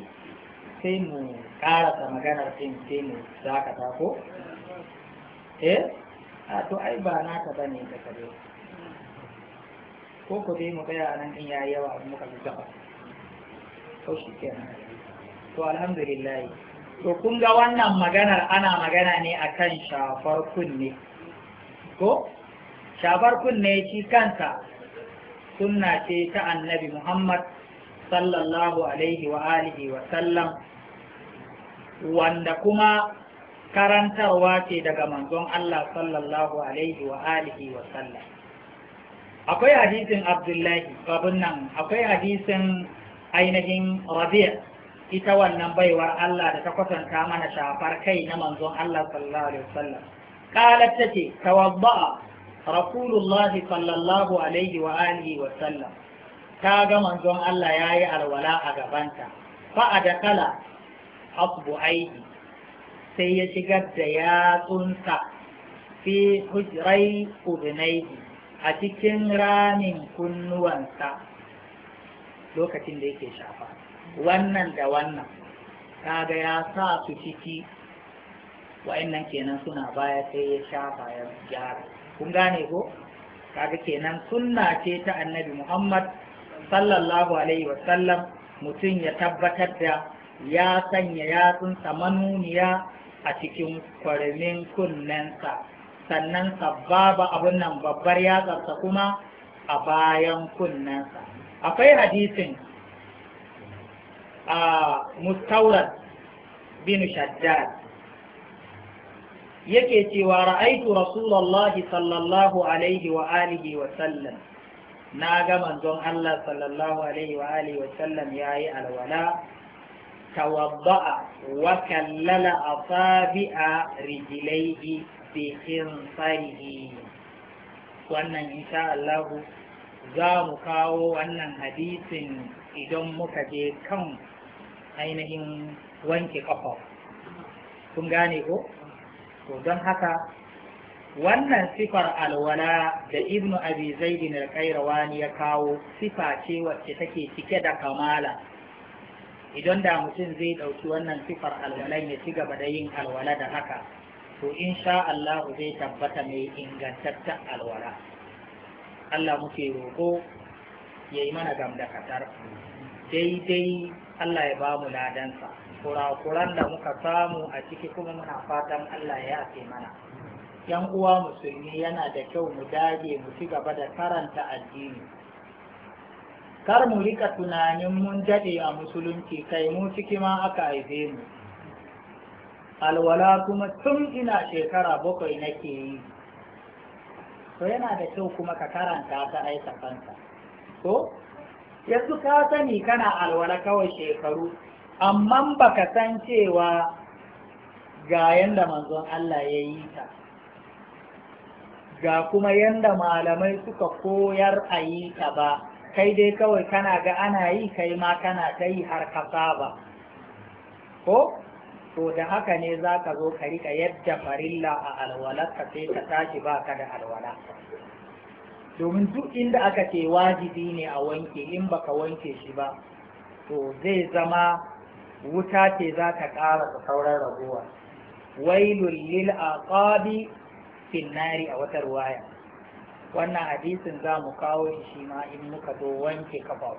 sai mu karasa maganar din sai mu ta ko eh a to ai ba naka bane ka kare ko ko dai mu tsaya nan in yayi yawa muka fi gaba to shi kenan to alhamdulillah to kun ga wannan maganar ana magana ne a kan shafar kunne ko shafar kunne shi kanta sunna ce ta annabi muhammad sallallahu alaihi wa alihi wa sallam wanda kuma karantarwa ce daga manzon allah sallallahu alaihi wa alihi wa sallam akwai hadisin abdullahi babun nan akwai hadisin ainihin rabi'a ita wannan baiwar Allah da ta kwatanta mana shafar kai na manzon Allah sallallahu alaihi wasallam qalat tace tawadda'a rasulullah sallallahu alaihi wa alihi wa sallam ta ga manzon Allah yayi alwala a gabanta fa adakala asbu aihi sai ya shigar da yatsunsa fi hujrai ubnaihi a cikin ramin kunnuwansa lokacin da yake shafa wannan da wannan kaga ya sa su ciki wa'annan kenan suna baya sai ya sha bayan gyara kun gane ko kaga kenan sunna ce ta annabi muhammad sallallahu alaihi wasallam mutum ya tabbatar da ya sanya yatsunsa manuniya a cikin kwarmin kunnensa sannan sababa abin nan babbar yatsarsa kuma a bayan kunnensa akwai hadisin A mustawrad bin shaddad yake cewa ra'aitu rasulullahi sallallahu alaihi wa alihi wa sallam na ga manzon Allah sallallahu alaihi wa alihi wa sallam yayi alwala tawadda'a wa kallala asabi'a rijlaihi bi khinsarihi wannan insha Allah za mu kawo wannan hadisin idan muka je kan ainihin wanke ƙafa kun gane ko to don haka wannan sifar alwala da ibnu abi zaidin al-qayrawani ya kawo sifa ce wacce take cike da kamala idan da mutum zai ɗauki wannan sifar alwalan ya ci gaba da yin alwala da haka to insha Allah zai tabbata mai ingantaccen alwala Allah muke roƙo ya yi mana gamdakatar daidai Allah ya ba mu ladansa kurakuran da muka samu a ciki kuma muna fatan Allah ya yafe mana yan uwa musulmi yana da kyau mu dage mu ci gaba da karanta addini kar mu rika tunanin mun dade a musulunci kai mu ciki ma aka haife mu alwala kuma tun ina shekara bakwai nake yi to yana da kyau kuma ka karanta ta aika kanta ko yanzu ka sani kana alwala kawai shekaru amma baka san cewa ga yanda manzon Allah ya yi ta ga kuma yadda malamai suka koyar a yi ta ba kai dai kawai kana ga ana yi kai ma kana ta yi har ka saba ko to da haka ne za ka zo ka rika yadda farilla a ka sai ka tashi ba ka da alwala domin duk inda aka ce wajibi ne a wanke in baka wanke shi ba to zai zama wuta ce za ta ƙara sauran raguwa wailul lil aqabi fin nari a wata ruwaya wannan hadisin za mu kawo shi ma in muka zo wanke kafa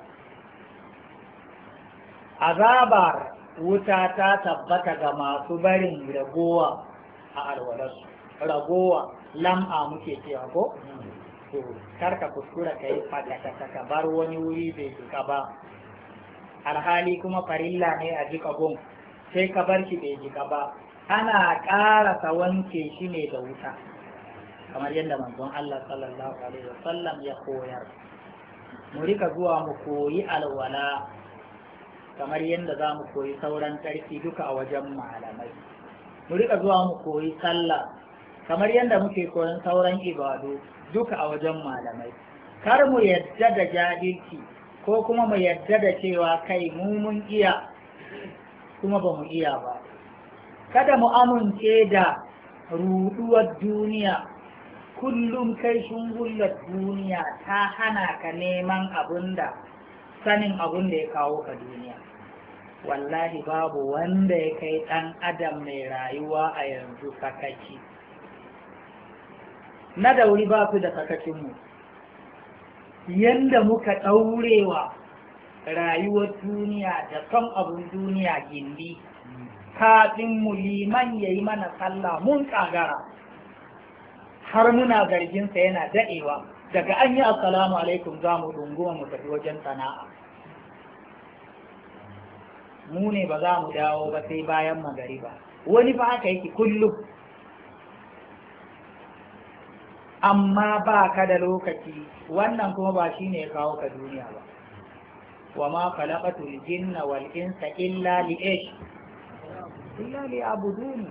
azabar wuta ta tabbata ga masu barin ragowa a alwalarsu ragowa lam'a muke cewa ko to karka kuskura ka yi fakata ka bar wani wuri bai jika ba alhali kuma farilla ne a jika gun sai ka bar shi bai jika ba ana ƙarasa wanke shi ne da wuta kamar yadda manzon Allah sallallahu alaihi sallam ya koyar mu rika zuwa mu koyi alwala kamar yadda za mu koyi sauran tsarki duka a wajen malamai mu rika zuwa mu koyi sallah kamar yadda muke koyon sauran ibadu duka a wajen malamai kar mu yadda da jahilci ko kuma mu yadda da cewa kai mu mun iya kuma ba mu iya ba kada mu amince da ruduwar duniya kullum kai shungullar duniya ta hana ka neman abun da sanin abun da ya kawo ka duniya wallahi babu wanda ya kai ɗan adam mai rayuwa a yanzu kakaki. na dauri ba su da sakacinmu yadda muka ɗaurewa rayuwar duniya da son abun duniya gindi kafin mu liman ya yi mana sallah mun kagara har muna zarginsa yana daɗewa daga an yi assalamu alaikum za mu ɗunguma mu tafi wajen sana'a mu ne ba za mu dawo ba sai bayan magari ba. wani ba haka yake kullum amma ba ka da lokaci wannan kuma ba shi ne kawo ka duniya ba wa ma khalaqatul jinna wal insa illa li ish illa li abudun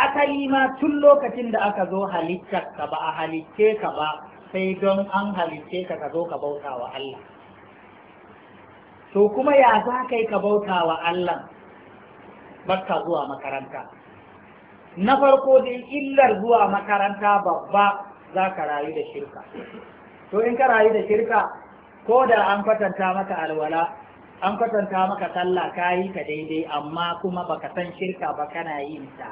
akali ma tun lokacin da aka zo halitta ka ba a halicce ka ba sai don an halicce ka ka zo ka bauta wa Allah to kuma ya za kai ka bauta wa Allah baka zuwa makaranta na farko dai illar zuwa makaranta babba za ka rayu da shirka to in ka rayu da shirka ko da an kwatanta maka alwala an kwatanta maka sallah ka yi ka daidai amma kuma baka san shirka ba kana yin ta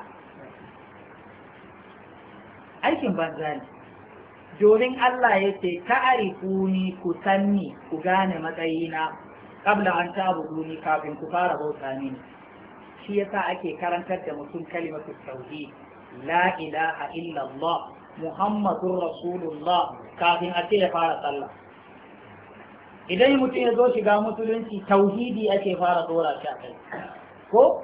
aikin banza ne domin Allah ya ce ta'arifuni ku sanni ku gane matsayina kabla an ni kafin ku fara bauta mini shi yasa ake karantar da mutum kalimatu tauhid la ilaha illallah Muhammadun Rasulullah kafin a ce ya fara sallah. Idan mutum ya zo shiga musulunci tauhidi ake fara dora shi a kai. Ko?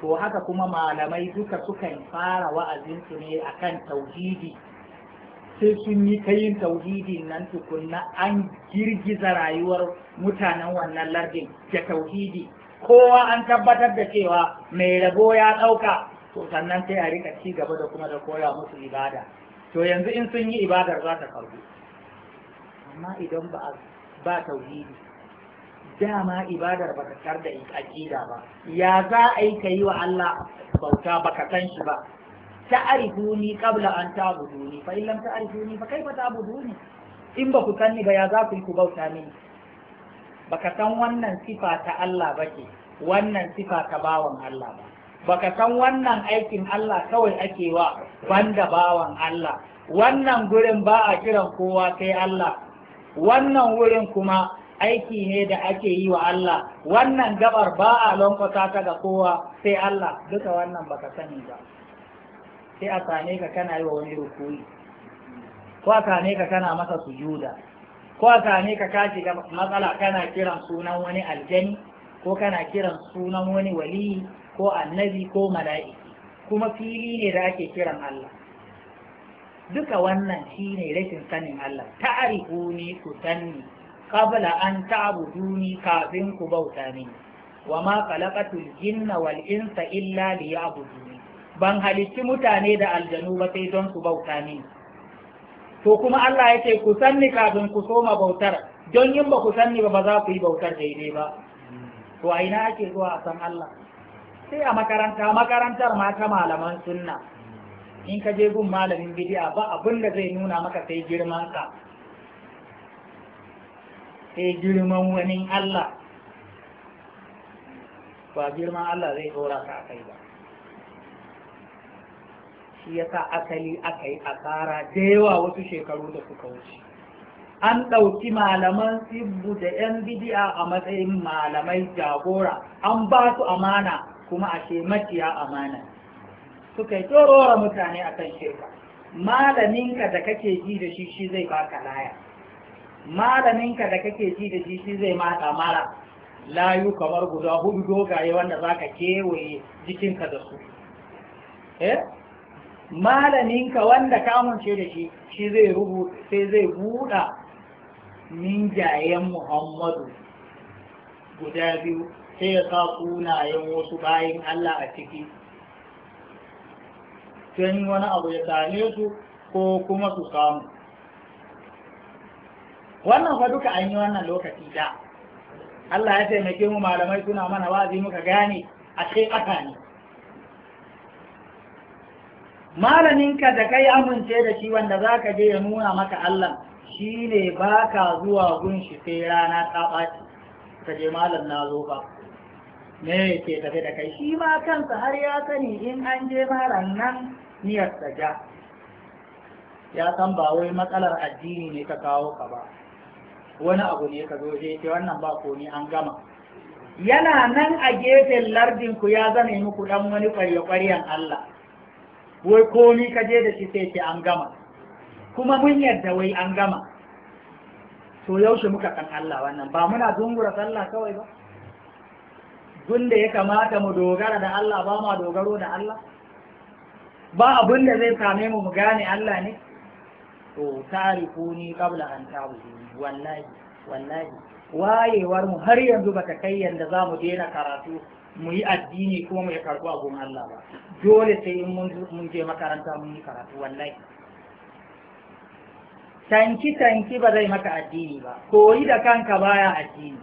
To haka kuma malamai duka sukan fara wa'azinsu ne akan tauhidi. Sai sun yi ta yin tauhidin nan tukunna an girgiza rayuwar mutanen wannan lardin da tauhidi. Kowa an tabbatar da cewa mai rabo ya ɗauka to sannan sai a rika ci gaba da kuma da koya musu ibada. to yanzu in sun yi ibadar za ta karbu amma idan ba ba tauhidi dama ibadar ba ta tar da aqida ba ya za a yi ka yi wa Allah bauta ba ka san shi ba ta'rifuni qabla an ta'buduni fa illam ta'rifuni fa kaifa ta'buduni in ba ku san ni ba ya za ku yi ku bauta mini baka san wannan sifa ta Allah ba ce wannan sifa ta bawan Allah ba baka san wannan aikin Allah kawai ake wa banda bawan Allah wannan gurin ba a kiran kowa sai Allah wannan wurin kuma aiki ne da ake yi wa Allah wannan gabar ba a lankwasa ta ga kowa sai Allah duka wannan baka sani ba sai a same ka kana yi wa wani rukuni ko a same ka kana masa sujuda ko a same ka ka shiga matsala kana kiran sunan wani aljani ko kana kiran sunan wani waliyi ko annabi ko mala'iki kuma fili ne da ake kiran Allah duka wannan shine rashin sanin Allah ta'rifuni ku sanni qabla an ta'buduni kafin ku bauta mini wa ma khalaqatul jinna wal insa illa ya'buduni ban halicci mutane da aljanu ba sai don ku bauta mini to kuma Allah yake ku sanni kafin ku soma bautar don yin ba ku sanni ba ba za ku yi bautar daidai ba to a ina ake zuwa a san Allah sai a makaranta makarantar ma ta malaman sunna in ka je gun malamin bidiya ba abin da zai nuna maka sai girman ka sai girman wani Allah ba girman Allah zai tsora ka kai ba shi ya sa asali aka yi asara da yawa wasu shekaru da suka wuce an ɗauki malaman sibbu da 'yan bidiya a matsayin malamai jagora an ba su amana kuma ashe maciya amana suka yi tsorora mutane akan shirka malaminka da kake ji da shi shi zai baka laya malaminka da kake ji da shi shi zai mata mara layu kamar guda hudu dogaye wanda za ka kewaye jikinka da su eh? malaminka wanda ka amince da shi shi zai rubuta sai zai buɗa minjayen muhammadu guda biyu sai ya sa sunayen wasu bayan Allah a ciki sai wani abu ya same su ko kuma su samu wannan fa duka an yi wannan lokaci da Allah ya taimake mu malamai suna mana wazi muka gane a ce aka ne malaminka da kai amince da shi wanda za ka je ya nuna maka Allah shi ne ba ka zuwa gunshi sai rana ta ɓaci ka je malam na zo ba me ke tafe da kai shi ma kansa har ya sani in an je maran nan niyyar ja ya san ba wai matsalar addini ne ka kawo ka ba wani abu ne ka zo je ce wannan ba ko ni an gama yana nan a gefen lardin ku ya zane muku dan wani kwarya kwaryan Allah wai ko ni ka je da shi sai ce an gama kuma mun yadda wai an gama to yaushe muka kan Allah wannan ba muna zungura sallah kawai ba tun da ya kamata mu dogara da Allah ba ma dogaro da Allah ba abin da zai same mu mu gane Allah ne to ni qabla an ta'budu wallahi wallahi wayewar mu har yanzu ta kai yanda za mu daina karatu mu yi addini ko mu yi abun Allah ba dole sai in mun je makaranta mun yi karatu wallahi tanki tanki ba zai maka addini ba koyi da kanka baya addini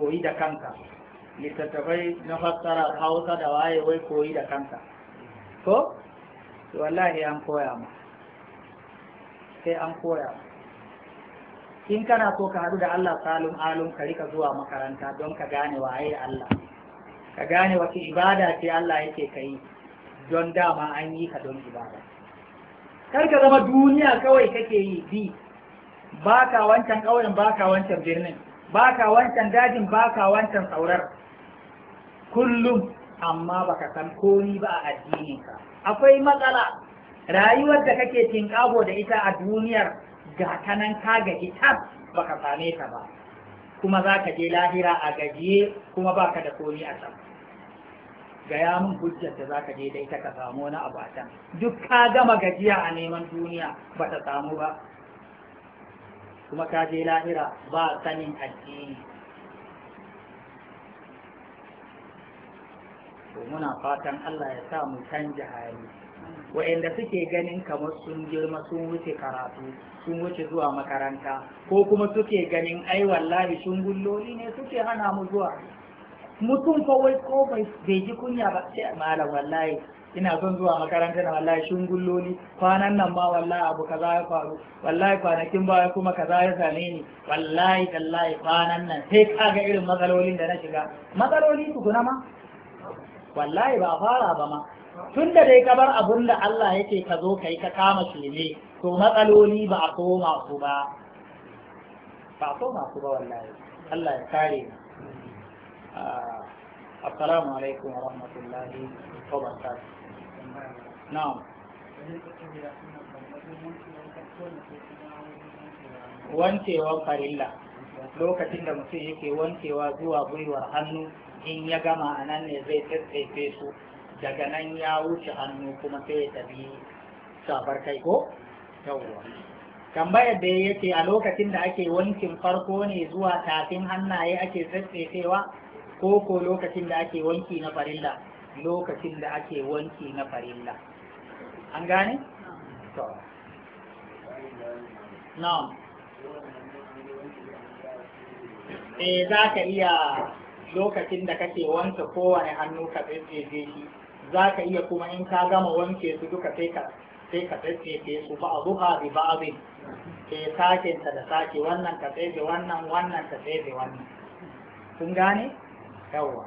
koyi da kanka littattafai na fassara hausa da waye wai koyi da kanka ko to wallahi an koya ma sai an koya in kana so ka haɗu da Allah salum alum ka rika zuwa makaranta don ka gane waye Allah ka gane wace ibada ce Allah yake kai don dama an yi ka don ibada kar ka zama duniya kawai kake yi bi baka wancan ƙauyen baka wancan birnin baka wancan dajin baka wancan tsaurar kullum amma baka san komi ba a addininka akwai matsala rayuwar da kake tinƙabo da ita a duniyar ga kanan ka gaji tas baka same ta ba kuma za ka je lahira a gajiye kuma baka da komi a can gaya min hujjar da za ka je da ita ka samu wani abu a can duk ka gama gajiya a neman duniya ba ta samu ba kuma ka je lahira ba sanin addini to muna fatan Allah ya sa mu canja hali wa'anda suke ganin kamar sun girma sun wuce karatu sun wuce zuwa makaranta ko kuma suke ganin ai wallahi gulloli ne suke hana mu zuwa mutum kawai ko bai ji kunya ba sai malam wallahi ina son zuwa makarantar na wallahi shungulloli kwanan nan ba wallahi abu kaza ya faru wallahi kwanakin baya kuma kaza ya same ni wallahi tallahi kwanan nan sai ka ga irin matsalolin da na shiga matsaloli tukuna ma wallahi ba fara ba ma tun da dai kabar abun da Allah yake ka zo kai ka kama ne to matsaloli ba a koma su ba ba a koma su ba wallahi Allah ya kare ni ah, assalamu alaikum wa rahmatullahi wa barakatuh na'am wancewa farilla lokacin da mutum yake wancewa zuwa gwiwar hannu in ya gama a nan ne zai tsaitsaife su daga nan ya wuce hannu kuma sai ya tafi shafar kai ko yawwa tambayar da yake a lokacin da ake wankin farko ne zuwa tafin hannaye ake tsaitsaifewa ko ko lokacin da ake wanki na farilla lokacin da ake wanki na farilla an gane? to na'am eh za ka iya lokacin da kake wanke kowane hannu ka tsetse shi za ka iya kuma in ka gama wanke su duka sai ka tsaye ka su ba a zuha bi ba abin ke sakinta da sake wannan ka tsaye wannan wannan ka tsaye wannan kun gane yawwa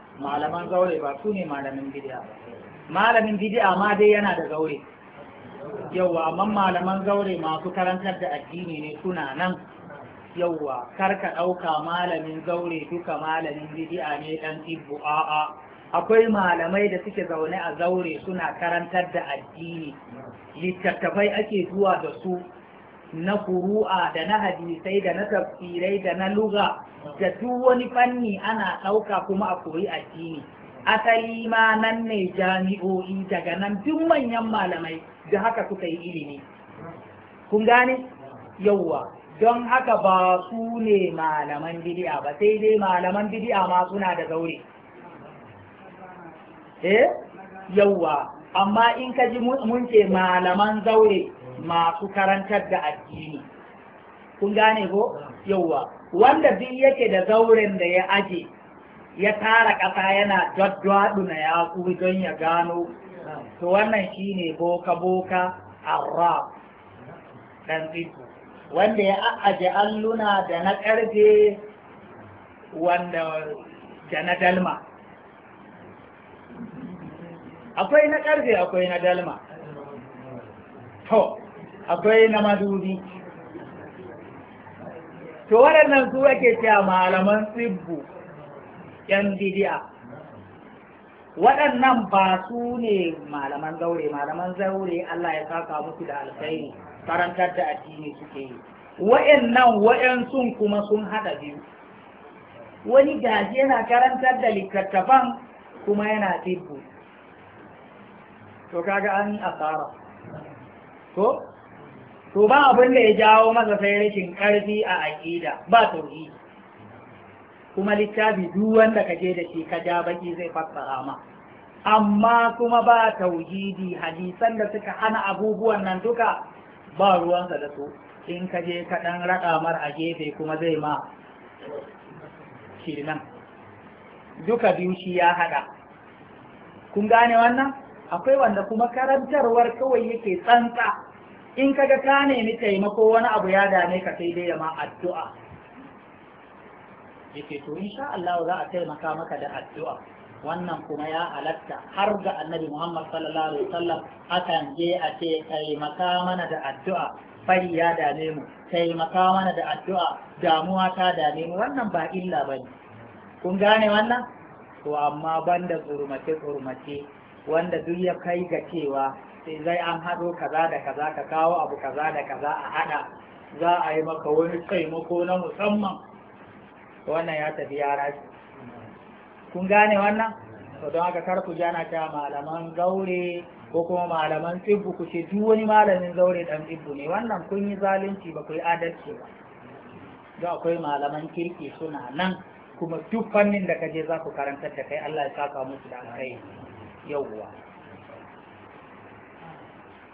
malaman zaure ba su ne malamin bid'a malamin bid'a ma dai yana da zaure yawwa amma malaman zaure masu karantar da addini ne suna nan yawwa kar ka ɗauka malamin zaure duka malamin bid'a ne dan tibbu a'a akwai malamai da suke zaune a zaure suna karantar da addini littattafai ake zuwa da su na kuru'a da na hadisai da na tafsirai da na luga da duk wani fanni ana ɗauka kuma a koyi addini asali ma nan ne jami'o'i daga nan duk manyan malamai da haka suka yi ilimi kun gane yauwa don haka ba su ne malaman bidi'a ba sai dai malaman bidi'a ma suna da zaure eh yauwa amma in ka ji mun ce malaman zaure masu karantar da addini kun gane ko yauwa wanda duk yake da zauren da ya aje ya tara ƙasa yana na ya don ya gano to wannan shine boka-boka arab ɗan tsiku wanda ya aje alluna da na ƙarfe wanda da na dalma akwai na ƙarfe akwai na dalma to akwai na madubi to waɗannan su ake cewa malaman tsibbu yan bidi'a waɗannan ba su ne malaman zaure malaman zaure Allah ya saka musu da alkhairi karantar da addini suke yi wa'annan waɗansu kuma sun haɗa biyu wani gaji yana karantar da littattafan kuma yana tibbu to kaga an asara ko to ba abin da ya jawo masa sai rashin ƙarfi a aƙida ba tauhidi kuma littafi duk wanda ka je da shi ka ja baki zai fassara ma amma kuma ba tauhidi hadisan da suka hana abubuwan nan duka ba ruwansa da su in ka je ka ɗan raɗa mar a gefe kuma zai ma shirnan duka biyu shi ya haɗa kun gane wannan akwai wanda kuma karantarwar kawai yake tsantsa in kaga ka nemi taimako wani abu ya dame ka sai dai ma addu'a yake to insha Allah za a taimaka maka da addu'a wannan kuma ya alatta. har ga annabi Muhammad sallallahu alaihi wasallam akan je a ce taimaka mana da addu'a fari ya dame mu taimaka mana da addu'a damuwa ta dame mu wannan ba illa bane kun gane wannan to amma banda tsurmace tsurmace wanda duk ya kai ga cewa sai zai an haɗo kaza da kaza ka kawo abu kaza da kaza a haɗa za a yi maka wani taimako na musamman wannan ya tafi yara kun gane wannan to don haka kar ku jana ta malaman zaure ko kuma malaman tsibbu ku ce duk wani malamin zaure dan tsibbu ne wannan kun yi zalunci ba ku yi adalci ba don akwai malaman kirki suna nan kuma duk fannin da ka je za ku karantar da kai Allah ya saka musu da alkhairi yauwa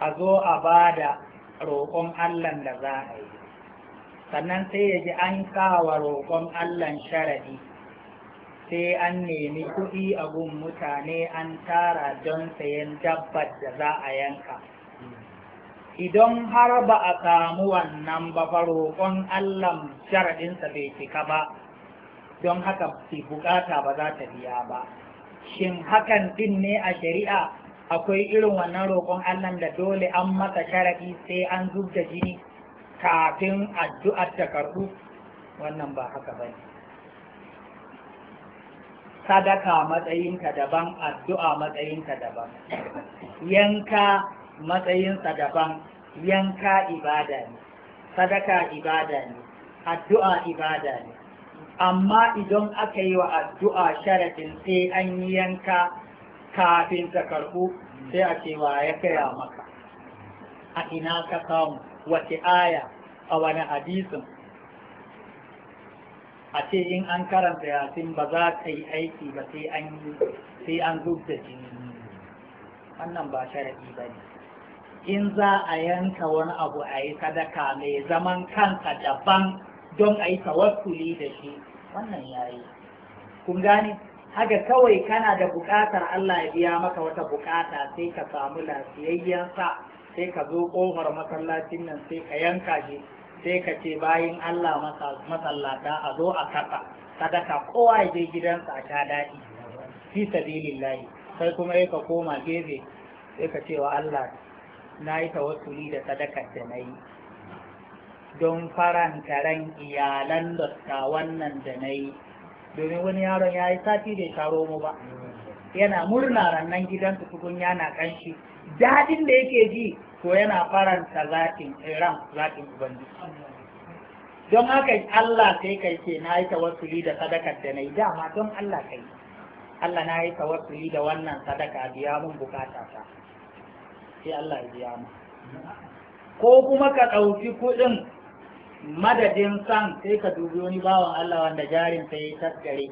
a zo a ba da roƙon Allahn da za a yi sannan sai ya ji an kawa roƙon Allahn sharaɗi sai an nemi kuɗi a gun mutane an tara don sayan dabbar da za a yanka idan har ba a samu wannan ba ba roƙon Allahn sharaɗinsa bai cika ba don haka bukata ba za ta biya ba shin hakan din ne a shari'a akwai irin wannan roƙon Allah da dole an masa sharaɗi sai an zub da jini kafin addu'ar ta karɓu wannan ba haka ba ne. Sadaka matsayinka daban, addu'a matsayinka daban, yanka matsayinsa daban, yanka ibada ne, sadaka ibada ne, addu'a ibada ne. Amma idan aka yi wa addu'a sharaɗin sai an yi yanka kafin ta karɓu sai a ce wa ya kaya maka a ina ka samu wace aya a wani hadisin a ce in an karanta yasin ba za ta yi aiki ba sai an yi sai an zub da jini wannan ba sharaɗi ba ne in za a yanka wani abu a yi sadaka mai zaman kansa daban don a yi tawakkuli da shi wannan ya yi kun gane haka kawai kana da buƙatar Allah ya biya maka wata buƙata sai ka samu lafiyayyen sa sai ka zo ƙofar masallacin nan sai ka yanka shi sai ka ce bayin Allah masallata a zo a kasa sadaka kowa ya je gidansa a sha daɗi fi sabilillahi sai kuma ya ka koma gefe sai ka ce wa Allah na yi ni da sadakar da na yi don faranta ran iyalan da wannan da na yi domin wani yaron ya yi sati bai taro mu ba yana murna rannan gidan tukun yana kanshi dadin da yake ji to yana faranta zatin eh, ran zatin ubangiji don haka Allah sai kai ce na yi tawassuli da sadakar da na yi dama don Allah kai Allah na yi tawassuli da wannan sadaka biya mun bukata ta sai Allah ya biya mu ko kuma ka ɗauki kuɗin madadin san sai ka dubi wani bawan Allah wanda jarin sai ya taskare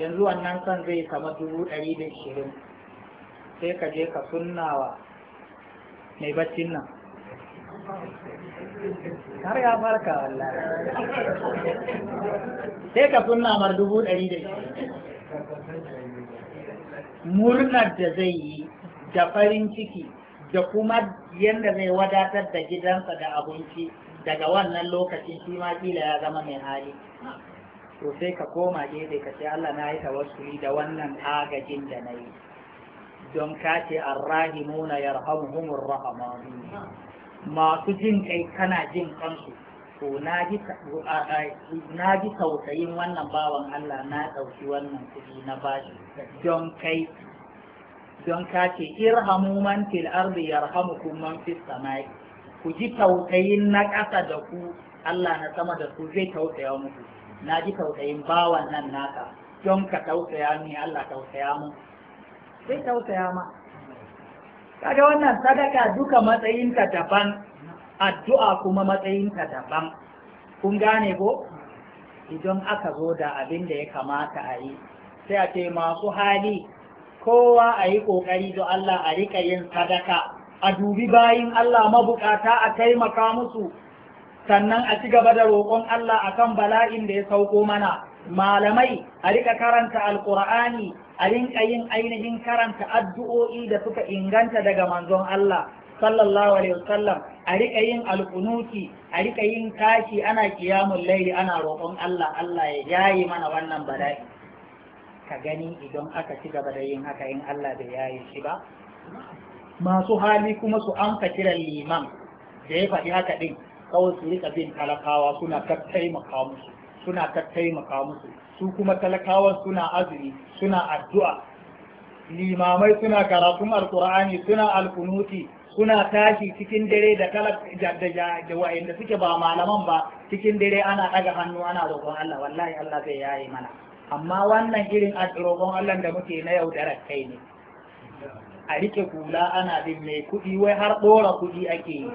yanzu wannan san zai kama dubu ɗari da ishirin sai ka je ka sunnawa mai baccin nan har ya farka wallahi sai ka sunna mar dubu ɗari da murnar da zai yi da farin ciki da kuma yadda zai wadatar da gidansa da abinci daga wannan lokaci shi ma kila ya zama mai hali to sai ka koma gefe ka ce Allah na yi tawassuli da wannan agajin da na yi don ka ce arrahimuna yarhamuhumur rahamanu masu jin kai kana jin kansu to na ji tausayin wannan bawan Allah na ɗauki wannan kuɗi na bashi don kai don ka ce irhamu man fil ardi yarhamukum man fis samai ku ji tausayin na ƙasa da ku Allah na sama da ku zai tausaya muku na ji tausayin bawan nan naka don ka tausaya ni Allah tausaya mu zai tausaya ma kaga wannan sadaka duka matsayinta daban addu'a kuma matsayinta daban kun gane ko idan aka zo da abin da ya kamata a yi sai a ce masu hali kowa a yi ƙoƙari don Allah a riƙa yin sadaka a dubi bayin Allah mabukata a taimaka musu sannan a ci gaba da roƙon Allah akan bala'in da ya sauko mana malamai a rika karanta alkur'ani a rinƙa yin ainihin karanta addu'o'i da suka inganta daga manzon Allah sallallahu alaihi wasallam a rika yin alkunuki, a rika yin kashi ana kiyamun laili ana roƙon Allah Allah ya yayi mana wannan bala'i ka gani idan aka ci gaba da yin haka in Allah bai yayi shi ba masu hali kuma su amsa kiran liman da ya faɗi haka ɗin kawai su rika bin talakawa suna ta taimaka musu suna ta taimaka musu su kuma talakawan suna azumi suna addu'a limamai suna karatun alkur'ani suna alkunuti suna tashi cikin dare da da suke ba malaman ba cikin dare ana ɗaga hannu ana roƙon Allah wallahi Allah zai yaye mana amma wannan irin roƙon Allah da muke na yau da kai ne a rike kula ana bin mai kuɗi wai har ɗora kuɗi ake yi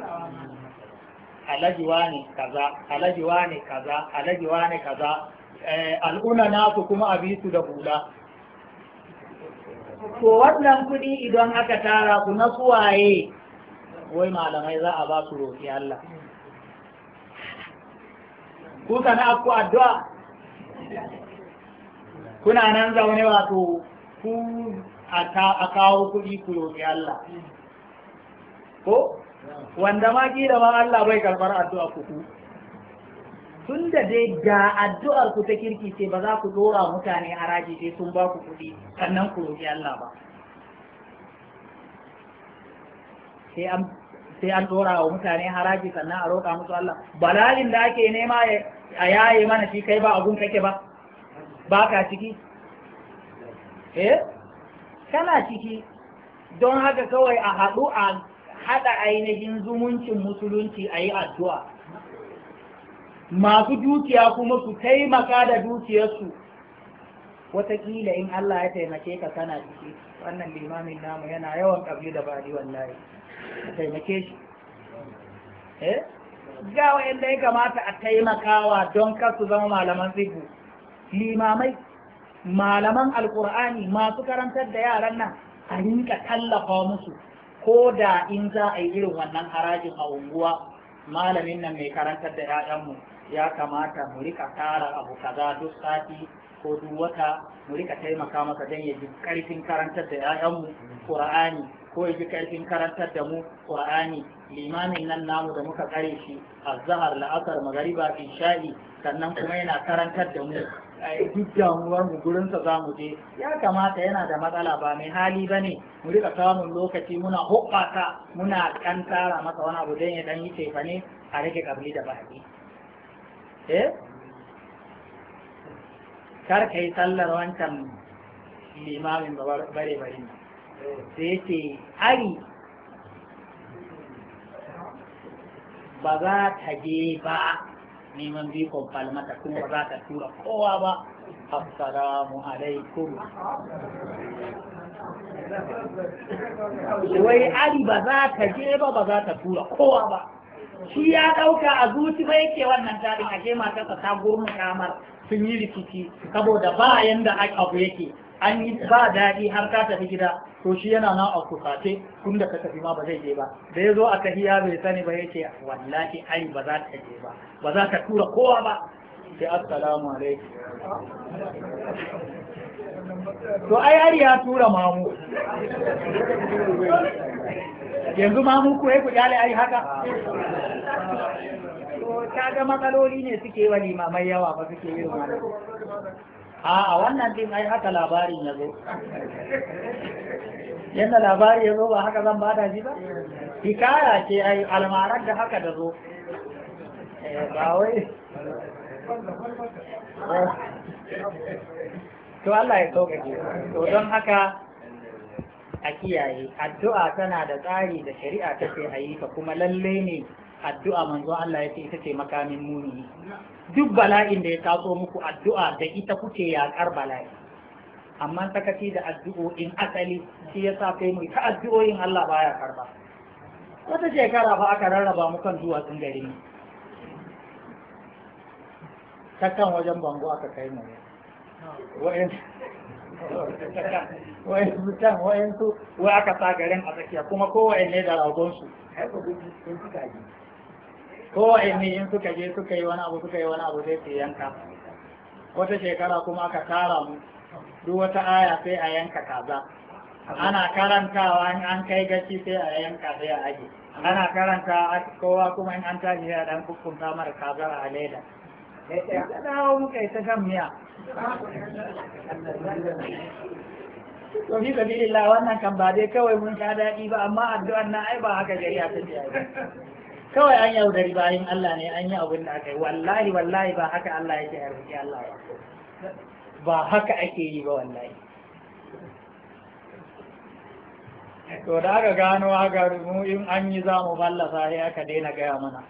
alajiwa ne kaza alajiwa ne kaza alajiwa ne kaza eh, al'una nasu kuma a su da kula to wannan kuɗi idan aka tara ku na suwaye wai malamai za a ba su roƙi Allah ku sana ku addu'a kuna nan zaune wato ku a kawo kuɗi ku roƙi Allah ko wanda ma kila ma Allah bai karɓar addu'a ku ku tun da dai ga addu'ar ku ta kirki ce ba za ku ɗora mutane haraji sai sun ba ku kuɗi sannan ku roƙi Allah ba sai an sai an wa mutane haraji sannan a roƙa musu Allah balalin da ake nema a yaye mana shi kai ba abun kake ba ba ka ciki eh kana ciki don haka kawai a haɗu a haɗa ainihin zumuncin musulunci a yi addu'a masu dukiya kuma su taimaka da dukiyarsu wataƙila in Allah ya taimake ka kana ciki wannan limamin namu yana yawan ƙabli da bari wallahi a taimake shi eh ga ya kamata a taimakawa don kar su zama malaman tsibu limamai malaman alkur'ani masu karantar da yaran nan a rinka tallafa musu ko da in za a yi irin wannan harajin a unguwa malamin nan mai karantar da mu ya kamata mu rika tara abu kaza duk sati ko duk wata mu rika taimaka masa don ya ji karfin karantar da mu qur'ani ko ya ji karfin karantar da mu qur'ani limamin nan namu da muka kare shi azhar la'asar magariba sha'i sannan kuma yana karantar da mu duk damuwar gurinsa za mu je ya kamata yana da matsala ba mai hali ba mu rika samun lokaci muna hoɓɓasa muna kantara masa wani abu don ya dan yi tefa ne a rage kabli da baki eh kar ka sallar wancan limamin bare bare ne sai ce ari ba za ta je ba neman bikon falmata kuma ba za ta tura kowa ba assalamu alaikum wai ari ba za ta je ba ba za ta tura kowa ba shi ya ɗauka a zuci ba yake wannan tarin ashe matarsa ta gurmu kamar sun yi rikici saboda ba yanda abu yake an yi ba daɗi har ka tafi gida to shi yana nan a kusace tun da ka tafi ma ba zai je ba da ya zo a tahiya bai sani ba yace wallahi ai ba za ta je ba ba za ta tura kowa ba sai assalamu alaikum to ai har ya tura mamu yanzu mamu ku ku kyale ai haka to kaga matsaloli ne suke wani mamayawa yawa ba suke yin wannan a wannan din ai haka labarin ya zo yadda labari ya zo ba haka zan bada shi ba hikaya ce ai almarar da haka da zo eh, ba wai to Allah ya sauƙaƙe to don haka a kiyaye addu'a tana da tsari da shari'a ta ce a yi ta kuma lalle ne addu'a manzo Allah ya ce ita ce makamin muni duk bala'in da ya taso muku addu'a da ita kuke yaƙar bala'i amma sakaci da addu'o'in asali shi ya sa kai mu ta addu'o'in Allah baya karba wata shekara fa aka rarraba mu kan zuwa sun gari ne ta wajen bango aka kai mu wa'yansu can wai aka sa garin a tsakiya kuma ko ne da su, ragonsu ko wa'anni in suka je suka yi wani abu suka yi wani abu zai su yanka wata shekara kuma aka tara mu duk wata aya sai a yanka kaza ana karantawa in an kai gaci sai a yanka sai a aje ana karanta kowa kuma in an tashi ya dan kukkunta mara kaza a leda ya dawo muka yi ta shan miya to fi sabilillah wannan kan ba dai kawai mun sha daɗi ba amma addu'an na ai ba haka gari a tafiya kawai an yaudari bayan Allah ne an yi abin da aka yi wallahi wallahi ba haka Allah yake a roƙi Allah ba ba haka ake yi ba wallahi to da aka gano haka mu in an yi za mu fallasa sai aka daina gaya mana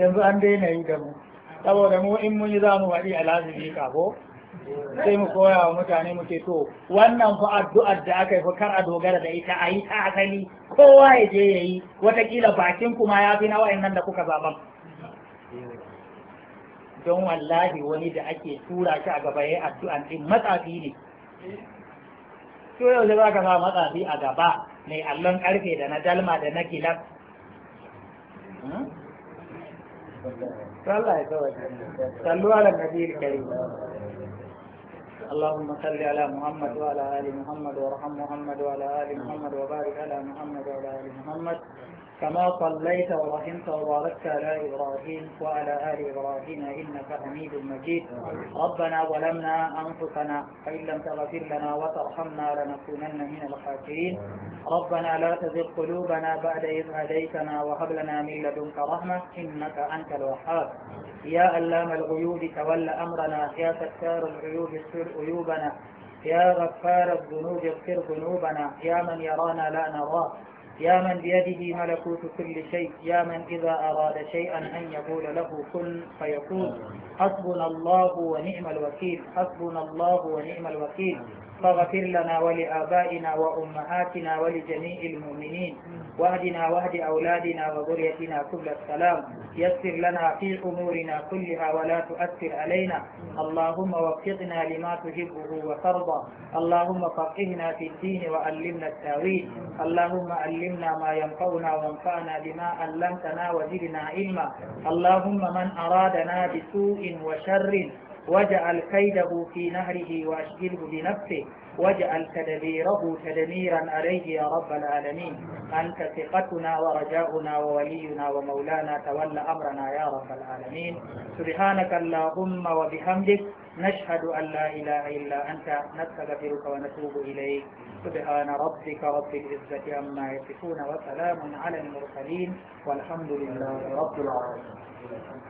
yanzu an daina yi da mu saboda mu in mun yi za mu faɗi a lazimi ko sai mu koya wa mutane muke to wannan fa addu'ar da aka yi fa kar a dogara da ita a yi ta asali kowa ya je ya yi watakila bakin kuma ya fi na nan da kuka zaɓan don wallahi wani da ake tura shi a gaba ya addu'an ɗin matsafi ne to yau za ka sa matsafi a gaba mai allon ƙarfe da na dalma da na gilas hmm? sallah ya kawai sallu ala nabiyil karim اللهم صل على محمد وعلى آل محمد وارحم محمد وعلى آل محمد وبارك على محمد وعلى آل محمد كما صليت ورحمت وباركت على إبراهيم وعلى آل إبراهيم إنك حميد مجيد ربنا ظلمنا أنفسنا فإن لم تغفر لنا وترحمنا لنكونن من الخاسرين ربنا لا تزغ قلوبنا بعد إذ هديتنا وهب لنا من لدنك رحمة إنك أنت الوهاب يا ألام الغيوب تول أمرنا يا ستار العيوب استر عيوبنا يا غفار الذنوب اغفر ذنوبنا يا من يرانا لا نراه يا من بيده ملكوت كل شيء يا من إذا أراد شيئا أن يقول له كن فيكون حسبنا الله ونعم الوكيل حسبنا الله ونعم الوكيل فاغفر لنا ولآبائنا وأمهاتنا ولجميع المؤمنين واهدنا واهد أولادنا وذريتنا كل السلام يسر لنا في أمورنا كلها ولا تؤثر علينا اللهم وفقنا لما تحبه وترضى اللهم فقهنا في الدين وعلمنا التاويل اللهم علمنا ما ينفعنا وانفعنا بما علمتنا وزدنا علما اللهم من أرادنا بسوء وشر واجعل كيده في نهره وأشغله بنفسه واجعل تدبيره تدميرا عليه يا رب العالمين أنت ثقتنا ورجاؤنا وولينا ومولانا تولى أمرنا يا رب العالمين سبحانك اللهم وبحمدك نشهد أن لا إله إلا أنت نستغفرك ونتوب إليك سبحان ربك رب العزة عما يصفون وسلام على المرسلين والحمد لله رب العالمين